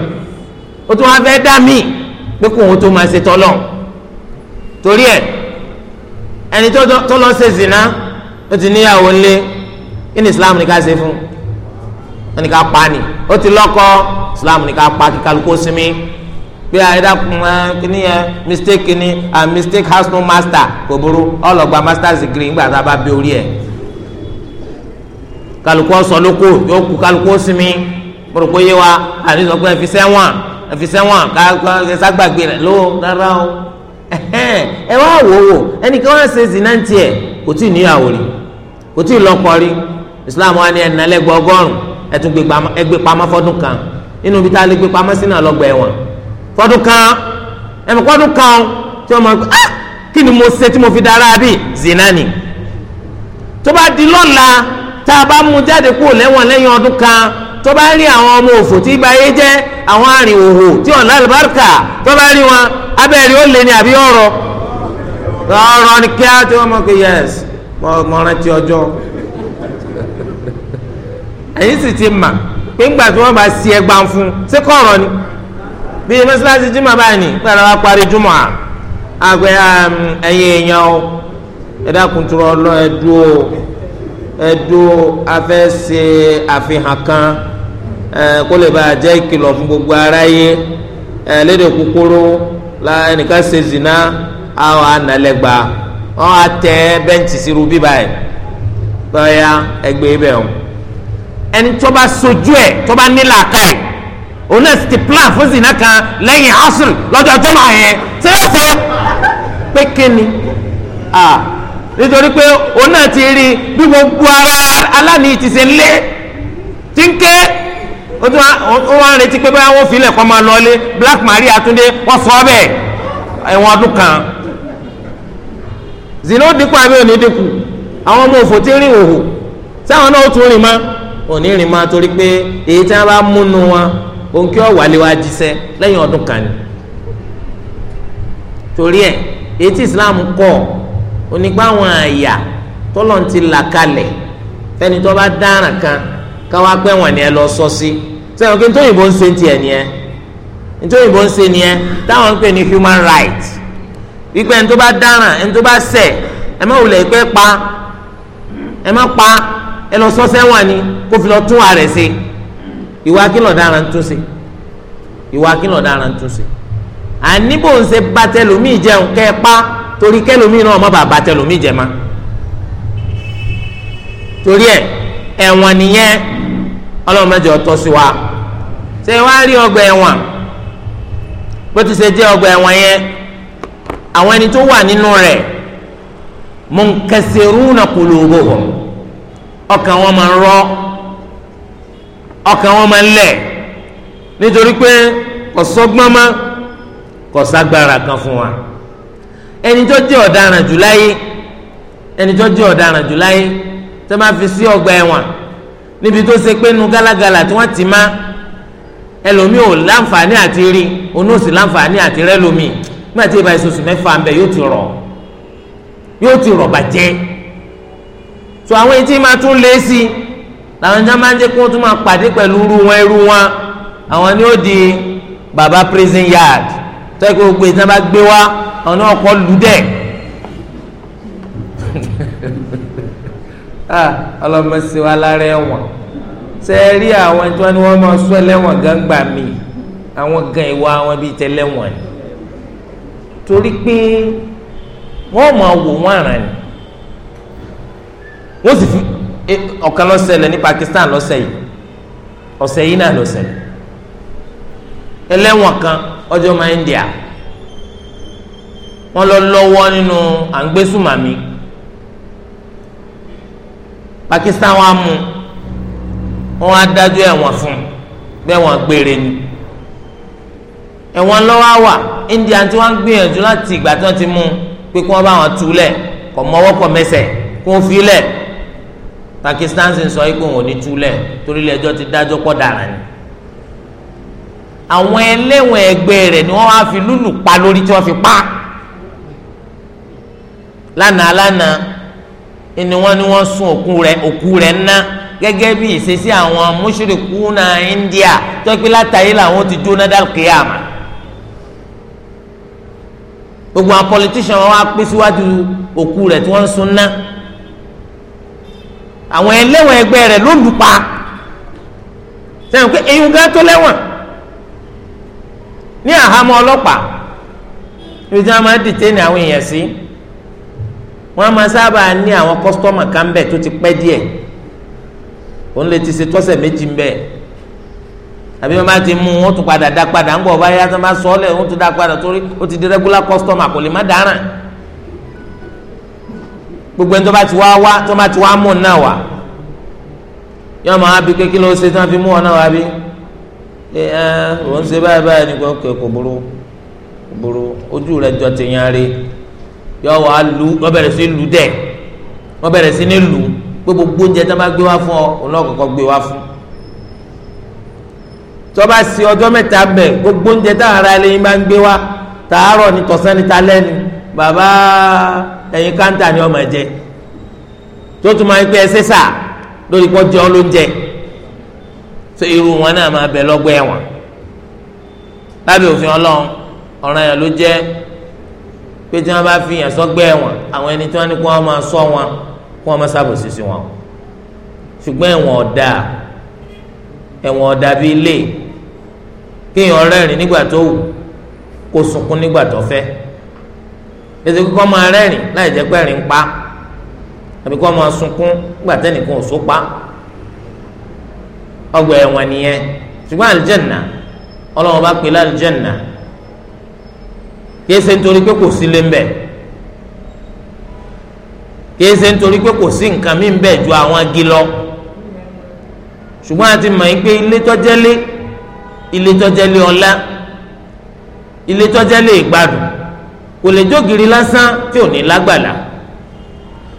o tún wá fẹ́ dá mí pé kò wọ́n tó máa ṣe tọ́lọ̀ torí ẹ ẹni tó lọ ṣe zina ó ti níyàwó ńlé kí ni Islam ní ká ṣe fún wọn ká pa ni ó ti lọ́kọ Islam ní ká pa kí kálukú sinmi pé àyẹ̀dá kìíní yẹn mistake kìíní a mistake has no master kò burú ọlọ́gba master's degree ńgbà tá a bá bí orí ẹ̀ kálukú ọ̀sọ́ ló yóò kú kálukú sinmi mo rò pé yé wa àti sọ pé ẹ fi sẹ́wọ̀n ẹ fi sẹ́wọ̀n ká ẹ ságbàgbé rẹ̀ ló rárá o ẹ wá wò wò ẹnìkan wá ṣe zina ń tiẹ̀ kò tí ì níyàwó rí kò tí ì lọ́kọ rí Islam wa ni ẹ̀nà lẹ́gbẹ̀ẹ́ ọgọ́rùn ẹ̀ tún gbé pamọ́ fọ́dún kan nínú ibi tá a lè gbé pamọ́ sínú àlọ́gbà ẹ̀wọ̀n fọ́dún kan ẹ̀mí fọ́dún kan tí wọ́n máa ń ah kí ni mo ṣe tí mo fi dára bí zina ni tó bá di lọ́la tá a bá mú jáde kúrò lẹ́wọ̀n lẹ́yìn ọdún kan tó bá rí àwọn ọmọ òfò tí gbayé jẹ́ àwọn arìn òhò tí ọ̀nà àlùbáríkà tó bá rí wọn abẹ́rẹ́ ó lé ní àbí ọ̀rọ̀ ọ̀rọ̀ ni kí á tí wọ́n mọ̀ pé yẹs mo rántí ọjọ́ ẹ̀yìn sì ti mà pé ńgbà tí wọ́n bá si ẹgbà fún ṣé kọ́ ọ̀rọ̀ ni bíi mọ́sálásí jùmọ̀ báyìí ní gbàdá wa parí jùmọ̀ àgbẹ̀ um, ẹ̀yìn èèyàn o ẹ̀dá kùntùrọ̀ ọlọ́ ẹ̀dúró ẹ̀dúró afẹ́ ṣe àfihàn kan. kó lè bá a jẹ́ ìkìlọ̀ fún gbogbo aráyé lédè kúkúrú ẹnìkan ṣe zina àwọn ànálẹ́gba wọn á tẹ bẹ́ǹtì sí rubí báyìí báyà ẹgbẹ́ ibẹ̀ o ẹni tó bá sojú ẹ̀ tó bá ní làákàyè òun náà ti plan fún zina kan lẹ́yìn asiri lọ́jọ́ jọ́mọ̀ yẹn ṣé yóò ṣe pé kíni nítorí pé òun náà ti rí bí gbogbo ara aláàní ti ṣe lé tí ń ké. ó tún wá retí pé báyà wọ́n filẹ̀ kọ́ máa lọlé Black Maria Túndé wọ́n sọ ọ́ bẹ́ẹ̀ ẹ̀wọ̀n ọdún kan ó dínkù àbí òní dínkù àwọn ọmọ òfò tí rìn òhò sáwọn náà ó tún rìn má òní rìn má torí pé èyí tí bá wọn òun kí wà ọdún kan ni torí èyí tí Islam si sẹ́wọ̀n kí ntóyìnbó ń ṣe ń tiẹ̀ nìyẹn ntóyìnbó ń ṣe nìyẹn táwọn ń pè ní human right wípé ẹni tó bá dáràn ẹni tó bá ṣẹ̀ ẹ má wulẹ̀ pé pa ẹ má pa ẹ lọ sọ sẹ́wọ̀n ni kó fi lọ tún ààrẹ ṣe ìwà kí lọ́ọ̀ dára ń tún ṣe ìwà kí lọ́ọ̀ dára ń tún ṣe àníbò ń ṣe bàtẹ́lómi jẹun kẹ́ ẹ pa torí kẹ́lómi náà má bàa bàtẹ́lómi jẹ ma torí ẹ ẹ̀wọ̀n nìyẹn ọlọ́run mẹ́jọ tọ́ sí wa ṣé wàá rí ọgbà ẹ̀wọ̀n bó ti ṣe jẹ́ ọgbà ẹ̀wọ̀n yẹn àwọn ẹni tó wà nínú rẹ̀ munkasiruna qulubuhum ọkàn wọn máa ń rọ ọkàn wọn máa ń lẹ̀ nítorí pé kò sọ́gbọ́n kò ságbára kan fún wa ẹni tó jẹ́ ọ̀daràn jù láyé ẹni tó jẹ́ ọ̀daràn jù láyé tó máa fi sí ọgbà ẹwọn. níbi tó ṣe pé nu gálágalà tí wọ́n ti má ẹlòmíì ò láǹfààní àti rí oní òsì láǹfààní àti rẹ lómi nígbà tí ìbá ìṣoṣù mẹ́fà ń bẹ yóò ti rọ̀ yóò ti rọ̀ bàjẹ́ tó àwọn etí máa tún lé sí i làwọn ìjà máa ń jẹ́ kí wọ́n tún máa pàdé pẹ̀lú irú wọn irú wọn àwọn ni ó di baba prison yard tó yẹ kó gbé ìjà bá gbé wá àwọn náà lù dẹ́ẹ̀. Ah, ọlọmọsí wa lára ẹ̀wọ̀n ṣe é rí àwọn tí wọn ni wọn máa sọ ẹlẹ́wọ̀n gángbà mi àwọn gan ìwà àwọn bíi tẹlẹ́wọ̀n ni torí pé wọn máa wò wọn àràn ni wọn sì fi e, ọ̀kan ló ṣẹlẹ̀ ní Pakistan lọ́sẹ̀ yìí ọ̀sẹ̀ yìí náà ló ṣẹlẹ̀ ẹlẹ́wọ̀n kan ọjọ́ máa India wọn lọ lọ́wọ́ nínú à No, Pakistan wa mú wọn á dájọ́ ẹ̀wọ̀n fún bẹ́ẹ̀ gbére ni ẹ̀wọ̀n lọ́wọ́ wà India tí wọ́n gbìyànjú láti ìgbà tí wọ́n ti mú pé kí wọ́n bá wọn túlẹ̀ kò mọ́wọ́ kò mẹsẹ̀ kó fi lẹ̀ Pakistan sì ń sọ pé òun ò ní túlẹ̀ torí ti dájọ́ pọ̀ dára ni àwọn ẹlẹ́wọ̀n ẹgbẹ́ rẹ̀ ni wọ́n wá fi lùlù pa lórí tí wọ́n fi pa lánàá lánàá ni wọ́n ní wọ́n sun òkú rẹ̀ òkú rẹ̀ ná gẹ́gẹ́ bí ìṣesí àwọn mushrikuna India tó pé látàyè làwọn ti jóná dàlùkìyàmà gbogbo àwọn politician wọn wá pín síwájú òkú rẹ̀ tí wọ́n ń sun ná àwọn ẹlẹ́wọ̀n ẹgbẹ́ rẹ̀ ló lù pa sẹ́yìn pé eyín gán tó lẹ́wọ̀n ní àhámọ́ ọlọ́pàá ibi tí wọ́n máa ń dìtẹ́ ní àwọn èèyàn sí. Si wọ́n máa sábà ní àwọn kọ́sítọ́mà kan bẹ̀ tó ti pẹ́ díẹ̀ òun lè ti ṣe tọ́sẹ̀ méjì ń bẹ̀ àbí wọ́n bá ti mú wọn tún padà dá padà ń bọ̀ bá yá tó máa sọ ọ́ tún dá padà torí ó ti di regular customer kò lè má dáràn gbogbo ẹni tó bá ti wá wá tó bá ti wá mú náà wá yọ ṣe tí fi mú yọ wà á lu wọ́n bẹ̀rẹ̀ sí lu dẹ̀ wọ́n bẹ̀rẹ̀ sí ní lu pé gbogbo oúnjẹ tó bá gbé wá fún ọ òun náà kọ́kọ́ gbé wá fún tó bá sí ọjọ́ mẹ́ta mbẹ gbogbo oúnjẹ táwọn ará ilé yín bá ń gbé wá tàárọ̀ ní tọ̀sán ní talẹ́ ni bàbá ẹ̀yin káńtà ni ọmọ ẹ̀jẹ̀ tó tún máa ń pẹ́ ẹsẹ̀ sà lórí pọ́jọ́ lóúnjẹ tó irú wọn náà máa bẹ lọ́gbọ́ ẹ̀wọ̀n lábẹ́ òfin ọlọ́run ọ̀ràn yẹn ló jẹ́ pé tí wọ́n bá fi yàn sọ́gbẹ́ ẹ̀wọ̀n àwọn ẹni tí wọ́n ní kí wọ́n máa sọ wọn kí wọ́n máa ṣàbòsí sí wọn ṣùgbọ́n ẹ̀wọ̀n ọ̀dà ẹ̀wọ̀n ọ̀dà bíi ilé kéèyàn rẹ́rìn nígbà tó wù kó sunkún nígbà tó fẹ́ ètò kíkọ́ máa rẹ́rìn láì jẹ́ pẹ́rìn ń pa àbí kọ́ máa sunkún nígbà tẹ́nìkan ò sópa ọgbà ẹ̀wọ̀n nìyẹn ṣùgbọ́n àlùjànnà ọlọ́run bá pè lálùjànnà kìí ṣe nítorí pé kò sí lé ńbẹ kìí ṣe nítorí pé kò sí nǹkan mí ńbẹ ju àwọn agi lọ ṣùgbọ́n a ti mọ̀ yín pé ilé tọ́jẹ́lé ilé tọ́jẹ́lé ọlá ilé tọ́jẹ́lé ìgbádùn kò lè jógiri lásán tí ò ní lágbàlá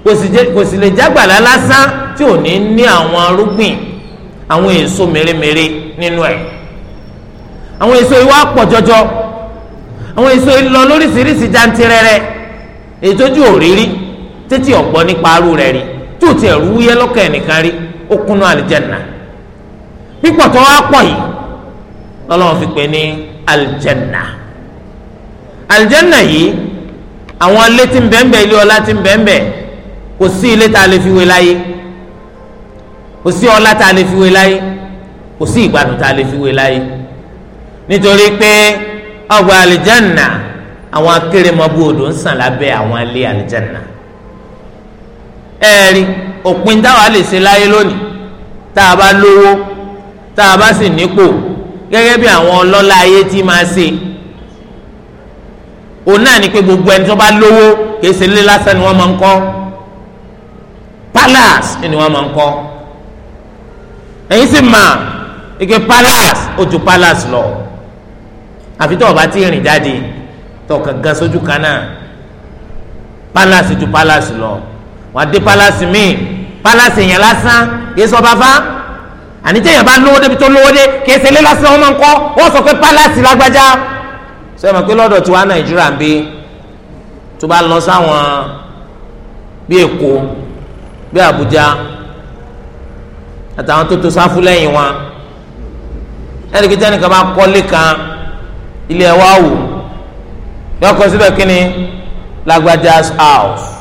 kò sì lè jágbàlá lásán tí ò ní ní àwọn arúgbìn àwọn èso mèremère nínú ẹ̀ àwọn èso yìí pọ̀ jọjọ àwọn èso lọ lóríṣiríṣi jantirẹrẹ ètòjú òrírí títí ọ̀gbọ́ nípa aró rẹ̀ rí tí ò tiẹ̀ rúwúyẹ́ lọ́kàn ẹnìkan rí ó kúnú àlìjẹ́nà pípọ̀ tó wá pọ̀ yìí lọ́lọ́wọ́ fi pè ní àlìjẹ́nà àlìjẹ́nà yìí àwọn ilé tí ń bẹ́ńbẹ́ ilé ọlá tí ń bẹ́ńbẹ́ kò sí ilé tá a lè fi wé láyé kò sí ọlá tá a lè fi wé láyé kò sí ìgbádùn tá a lè fi wé láyé nítorí pé ọgbà àlìjánà àwọn akérèmọbú odò ń sàn lábẹ́ àwọn ilé àlìjánà ẹẹrí òpin táwa lè ṣe láyé lónìí tá a bá lówó tá a bá sì nípò gẹ́gẹ́ bí àwọn ọlọ́lá ayé tí máa ṣe òun náà ni pé gbogbo ẹni tó bá lówó kìí ṣe ilé lásán ni wọ́n máa ń kọ́ palace ni wọ́n máa ń kọ́ ẹ̀yin sì mà ike palace ó palace lọ àfi tó o bá ti rìn jáde tó o kàn gan sójú kan náà pálásì ju pálásì lọ wàá dé pálásì míì pálásì yẹn lásán kì í sọ bá fá ànítẹ́ yẹn bá lówó débi tó lówó dé kì í ṣe lé lásán wọn máa ń kọ́ wọ́n sọ pé pálásì lágbájá sọ ma pé lọ́dọ̀ tiwa nàìjíríà ń bí tó bá lọ sáwọn bí èkó bí àbújá àtàwọn tó tó sáfù lẹ́yìn wọn ẹnì kìí tẹ́nìkan bá kọ́lé kan ilé ẹ wá wò yọkọ síbẹ̀ kí ni house